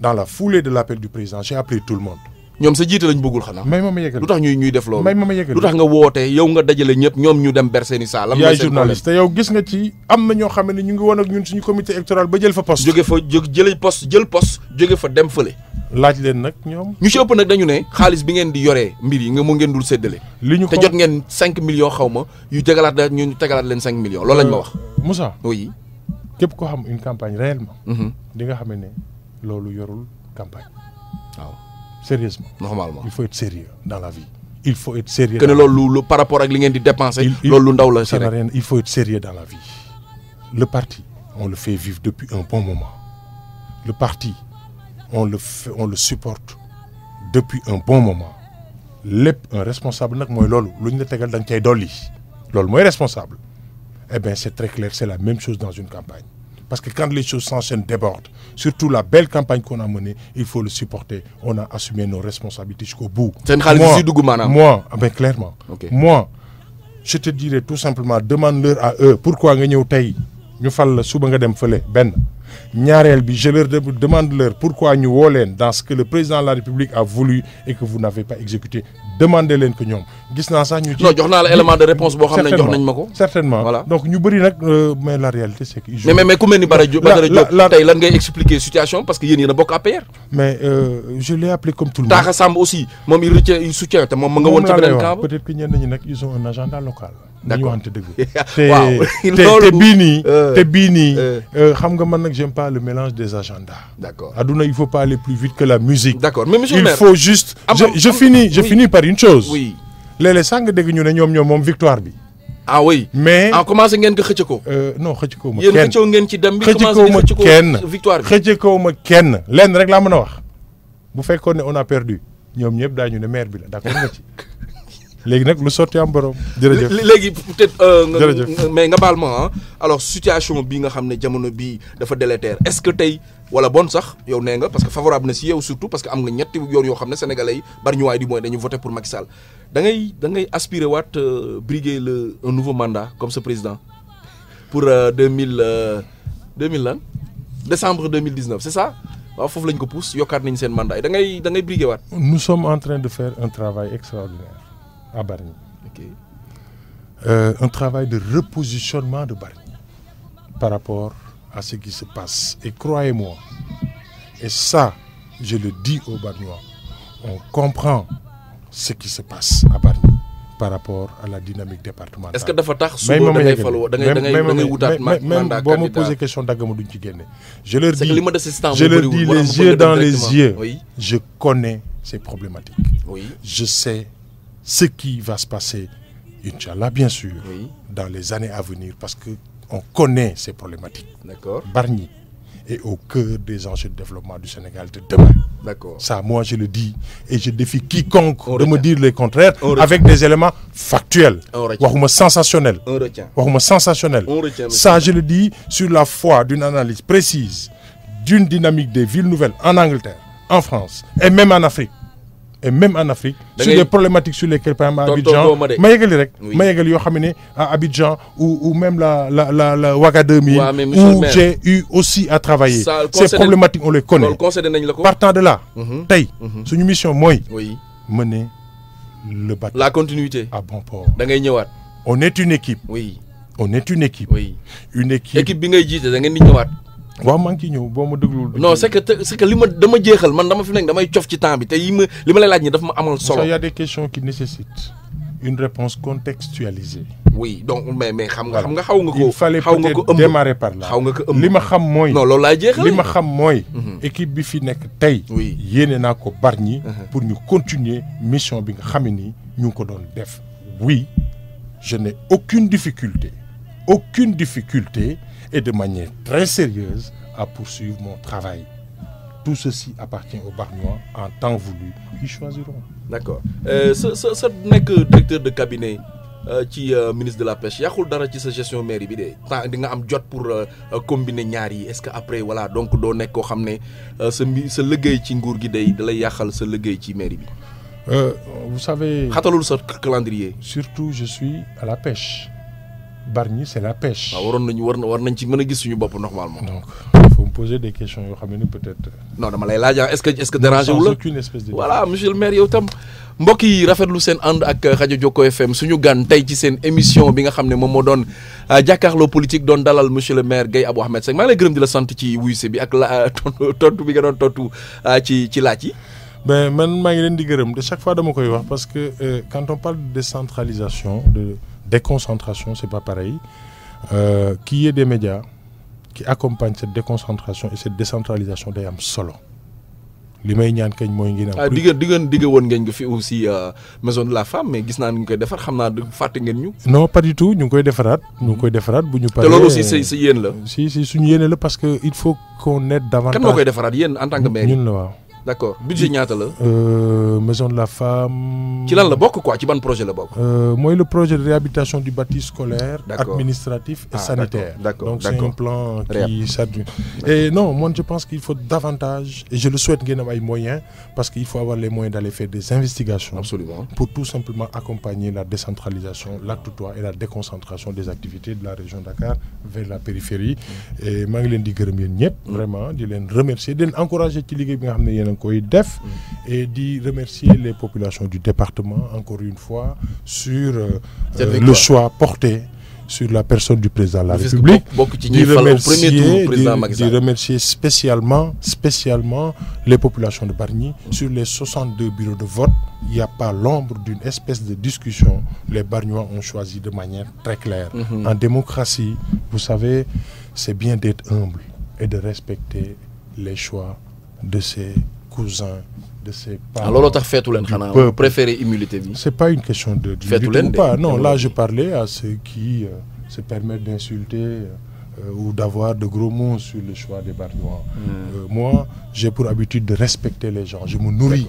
dans la foulée de l'appel du président j'ai appelé tout le monde. ñoom sa jiite lañ bëggul xanaa may ma ma yëgal lu tax ñuy ñuy def loolu lu tax nga woote yow nga dajale ñëpp ñoom ñu dem ber seeni saal yaay journaliste te yow gis nga ci am na ñoo xam ne ñu ngi woon ak ñun suñu comité électoral ba jël fa poste jóge fa jële poste jël poste jóge fa dem fële laaj leen nag ñoom ñu ci ëpp nag dañu ne xaalis bi ngeen di yoree mbir yi nga mu ngeen dul séddale li ñu te jot ngeen cinq millions xaw ma yu tegalaat da ñu tegalaat leen cinq millions loolu lañ ma euh, képp ko xam une campagne réellement mhm. di nga xam ne loolu yorul campagne sérieusement normalement il faut être sérieux dans la vie il faut être sérieux que par rapport à il faut être sérieux dans la vie le parti on le fait vivre depuis un bon moment le parti on le on le supporte depuis un bon moment un responsable c'est ce responsable eh ben, c'est très clair c'est la même chose dans une campagne parce que quand les choses s'enchaînent, débordent. Surtout la belle campagne qu'on a menée, il faut le supporter. On a assumé nos responsabilités jusqu'au bout. Moi, moi ah ben clairement. Moi, je te dirais tout simplement, demande-leur à eux pourquoi ils au été. Nous faisons le Ben bi je leur demande leur pourquoi ñu woo dans ce que le président de la république a voulu et que vous n'avez pas exécuté demandez leur que nous. gis na sax ñu. non jox la élément de réponse bo xamné jox nañ certainement donc ñu bari nak euh, mais la réalité c'est que. mais mais comment ku melni la lan ngay expliquer situation parce que y yéen a à APR. mais euh, je l'ai appelé comme tout le monde. Taxa aussi il retient il soutient te nga ci cas peut-être que ñi ils ont un agenda local d'accord waaw te bii nii *laughs* te *laughs* bii nii euh. euh. euh, xam nga man nag j'aime pas le mélange des agendas. d'accord aduna il faut pas aller plus vite que la musique. d'accord mais monsieur le maire il faut juste. Ah je je finis je finis par une chose. oui Les les sangs de dégg ñu ne ñoom victoire bi. ah oui mais En ah, commençant ngeen ko xëcc ko. non xëcc ko ma kenn yéen xëccoo ngeen ci dem bi commencé xëcc ko victoire bi xëcc ko ma kenn lenn rek laa mën a wax bu on a perdu ñoom da daañu ne maire bi la d'accord nga ci. *laughs* léegi nag lu sotti am borom. jërëjëf léegi peut-être. Euh, mais nga baal ma hein. alors situation bi nga xam ne jamono bii dafa délétère est-ce que tey wala bon sax yow nee nga parce que favorable na si yow surtout parce que am nga ñetti yoon yoo xam ne sénégalais yi bari ñu di mooy dañu voté pour Macky Sall da ngay da ngay aspirer waat euh, briguer le un nouveau mandat comme ce président pour euh, deux mille deux mille lan décembre deux mille dix-neuf c'est ça. waaw foofu lañ ko pousse yokkaat nañ seen mandat yi da ngay da ngay briguer waat. nous sommes en train de faire un travail extraordinaire à Barni. Euh, un travail de repositionnement de Barni par rapport à ce qui se passe. Et croyez-moi, et ça, je le dis aux Barnois, on comprend ce qui se passe à Barni par rapport à la dynamique départementale. Est-ce que dafa tax da Même même question je leur dis les yeux dans les yeux. je connais ces problématiques. je sais ce qui va se passer, Inch'Allah, bien sûr, dans les années à venir, parce qu'on connaît ces problématiques. D'accord. Barni est au cœur des enjeux de développement du Sénégal de demain. D'accord. Ça, moi, je le dis et je défie quiconque de me dire le contraire avec des éléments factuels. Wahouma sensationnel. sensationnel. Ça, je le dis sur la foi d'une analyse précise d'une dynamique des villes nouvelles en Angleterre, en France et même en Afrique et même en Afrique sur les problématiques sur lesquelles par exemple Abidjan à Abidjan ou même la la la où j'ai eu aussi à travailler ces problématiques on les connaît partant de là c'est mhm. mhm. une mission Oui. mener le la continuité à bon port on est une équipe oui on est une équipe oui une équipe waaw maa ngi ciy ñëw boo ma déglul. non c'est que c'est que li ma dama jeexal man dama fi nekk damay cof ci temps bi te yi ma li ma lay laaj ñi daf ma amal solo. il y a des questions qui nécessitent une réponse contextualisée. oui donc mais mais xam nga. xam nga xaw nga ko xaw nga ko démarrer par là. xaw nga ko ëmb li ma xam mooy. non loolu laay jeexal li ma xam mooy. Mhm. équipe bi fi nekk tey. oui yéene naa ko Bargny. Mhm. pour ñu continuer mission bi nga xam ni ñu ngi ko doon def. oui je n'ai aucune difficulté aucune difficulté et de manière très sérieuse à poursuivre mon travail. Tout ceci appartient aux Barnois en temps voulu. Ils choisiront. D'accord. Euh, ce n'est que que directeur de cabinet qui euh, est euh, ministre de la pêche Il dara ci sa gestion mairie bi de temps di nga am jot pour combiner ñaar yi est-ce qu'après, après voilà donc on nekk koo xam ce ce mbi sa ci nguur gi day dalay le sa ci mairie vous savez. calendrier. surtout je suis à la pêche. Bargny c'est la pêche. waaw waron nañu war war nañ ci mën gis suñu bop normalement. donc faut me poser des questions yo xamné peut-être. Euh, non dama lay laaj ah, est-ce que est-ce que dérangé wu la voilà monsieur le maire yow tam mbokk yi rafetlu seen and ak radio Jokko FM suñu gan tay ci seen émission bi nga xamné mom mo moo doon euh, jàkkaarloo politique doon dalal monsieur le maire gay Abou Ahmed Seck maa lay gërëm di la sant ci wuyse bi ak la euh, tontu bi nga doon tontu ci ci laaj yi. ben man maa ngi leen di gërëm de chaque fois dama koy wax parce que quand on parle de décentralisation de déconcentration, c'est pas pareil, euh, qu'il y ait des médias qui accompagnent cette déconcentration et cette décentralisation des am solo li may ñaan kañ moy ngeen am. ah digg digg digg woon ngeen fi aussi euh, maison de la femme mais gis naa ni ñu koy defar xamna naa fàtte ngeen ñu. non pas du tout ñu koy defaraat. ñu koy defaraat bu ñu paree te loolu aussi si yéen la. si si suñu yéene la parce que il faut qu'on aide davantage. kan moo koy defaraat yéen en tant que mère ñun la waaw. D'accord budget euh, maison de la femme. ci lan la ou quoi ci ban projet la bokk. Euh, moi le projet de réhabilitation du bâti scolaire. administratif et ah, sanitaire. D'accord. donc c'est un plan qui s'adduit. et non moi je pense qu'il faut davantage et je le souhaite y am moyens parce qu'il faut avoir les moyens d'aller faire des investigations. absolument pour tout simplement accompagner la décentralisation la tutoie et la déconcentration des activités de la région Dakar vers la périphérie. et moi, leen di gërëm vraiment di remercier di ci et d'y remercier les populations du département encore une fois sur euh, le choix porté sur la personne du président de la République. Di remercier, remercier spécialement, spécialement les populations de Bargny. Sur les 62 bureaux de vote, il n'y a pas l'ombre d'une espèce de discussion. Les Bargnois ont choisi de manière très claire. Mhm. En démocratie, vous savez, c'est bien d'être humble et de respecter les choix de ces cousin de ses parents. Alors, tax c'est pas une question de. pas non là je parlais à ceux qui euh, se permettent d'insulter euh, ou d'avoir de gros mots sur le choix des barnuans. Hmm. Euh, moi j'ai pour habitude de respecter les gens je me nourris.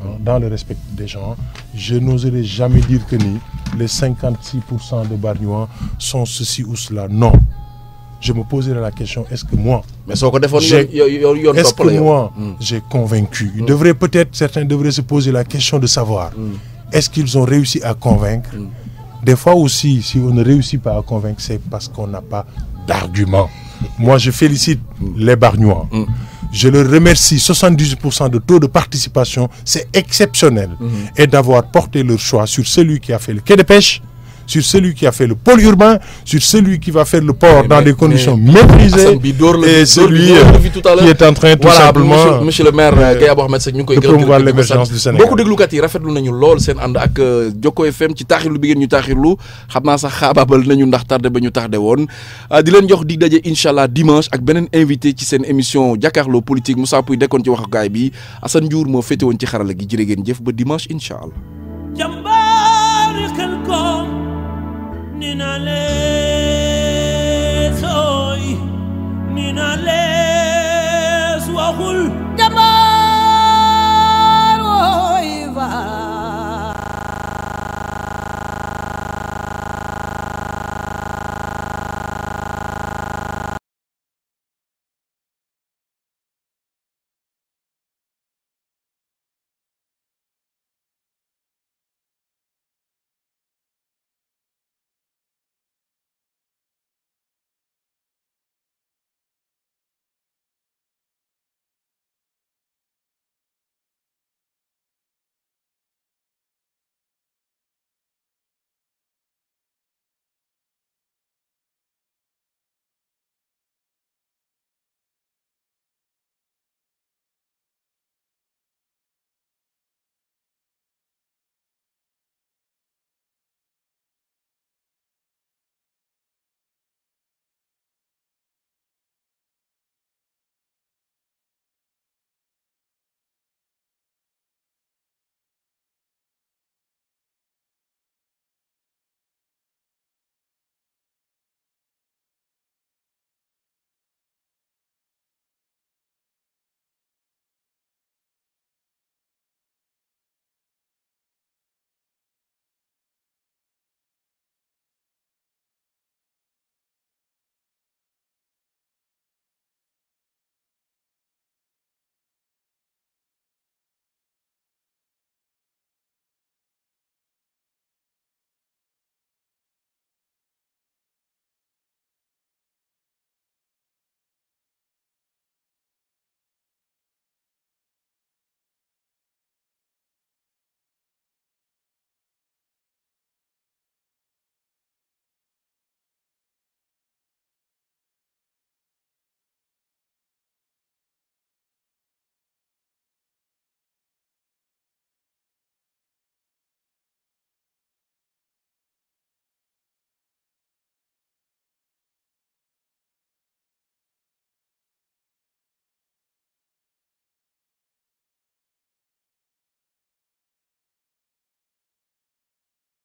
Hein, dans le respect des gens je n'oserais jamais dire que ni les 56 de sont ceci ou cela non je me poserai la question est-ce que moi est-ce que moi hmm. j'ai convaincu il hmm. devrait peut-être certains devraient se poser la question de savoir hmm. est-ce qu'ils ont réussi à convaincre des fois aussi si on ne réussit pas à convaincre c'est parce qu'on n'a pas d'argument moi je félicite les Bargnois je le remercie. 78% de taux de participation, c'est exceptionnel. Et d'avoir porté leur choix sur celui qui a fait le quai de pêche, sur celui qui a fait le pôle urbain, sur celui qui va faire le port mais eh dans mais des eh conditions maîtrisées Bidor, et celui Bidor, euh, qui est en train tout voilà, simplement monsieur, le maire euh, Gaye Abou Ahmed Seck koy promouvoir l'émergence du Sénégal boo ko déglukat yi rafetlu nañu lool seen ànd ak euh, Jokko FM ci taaxirlu bigen ngeen ñu taaxirlu xam naa sax xaabaabal nañu ndax tardé ba ñu tardé woon di leen jox dig daje incha dimanche ak benen invité ci sen émission jàkkaarloo politique Moussa Pouy dekkoon ci waxukaay bi Assane Diour moo féete won ci xarala gi jërë ngeen jëf ba dimanche incha allah Ninale.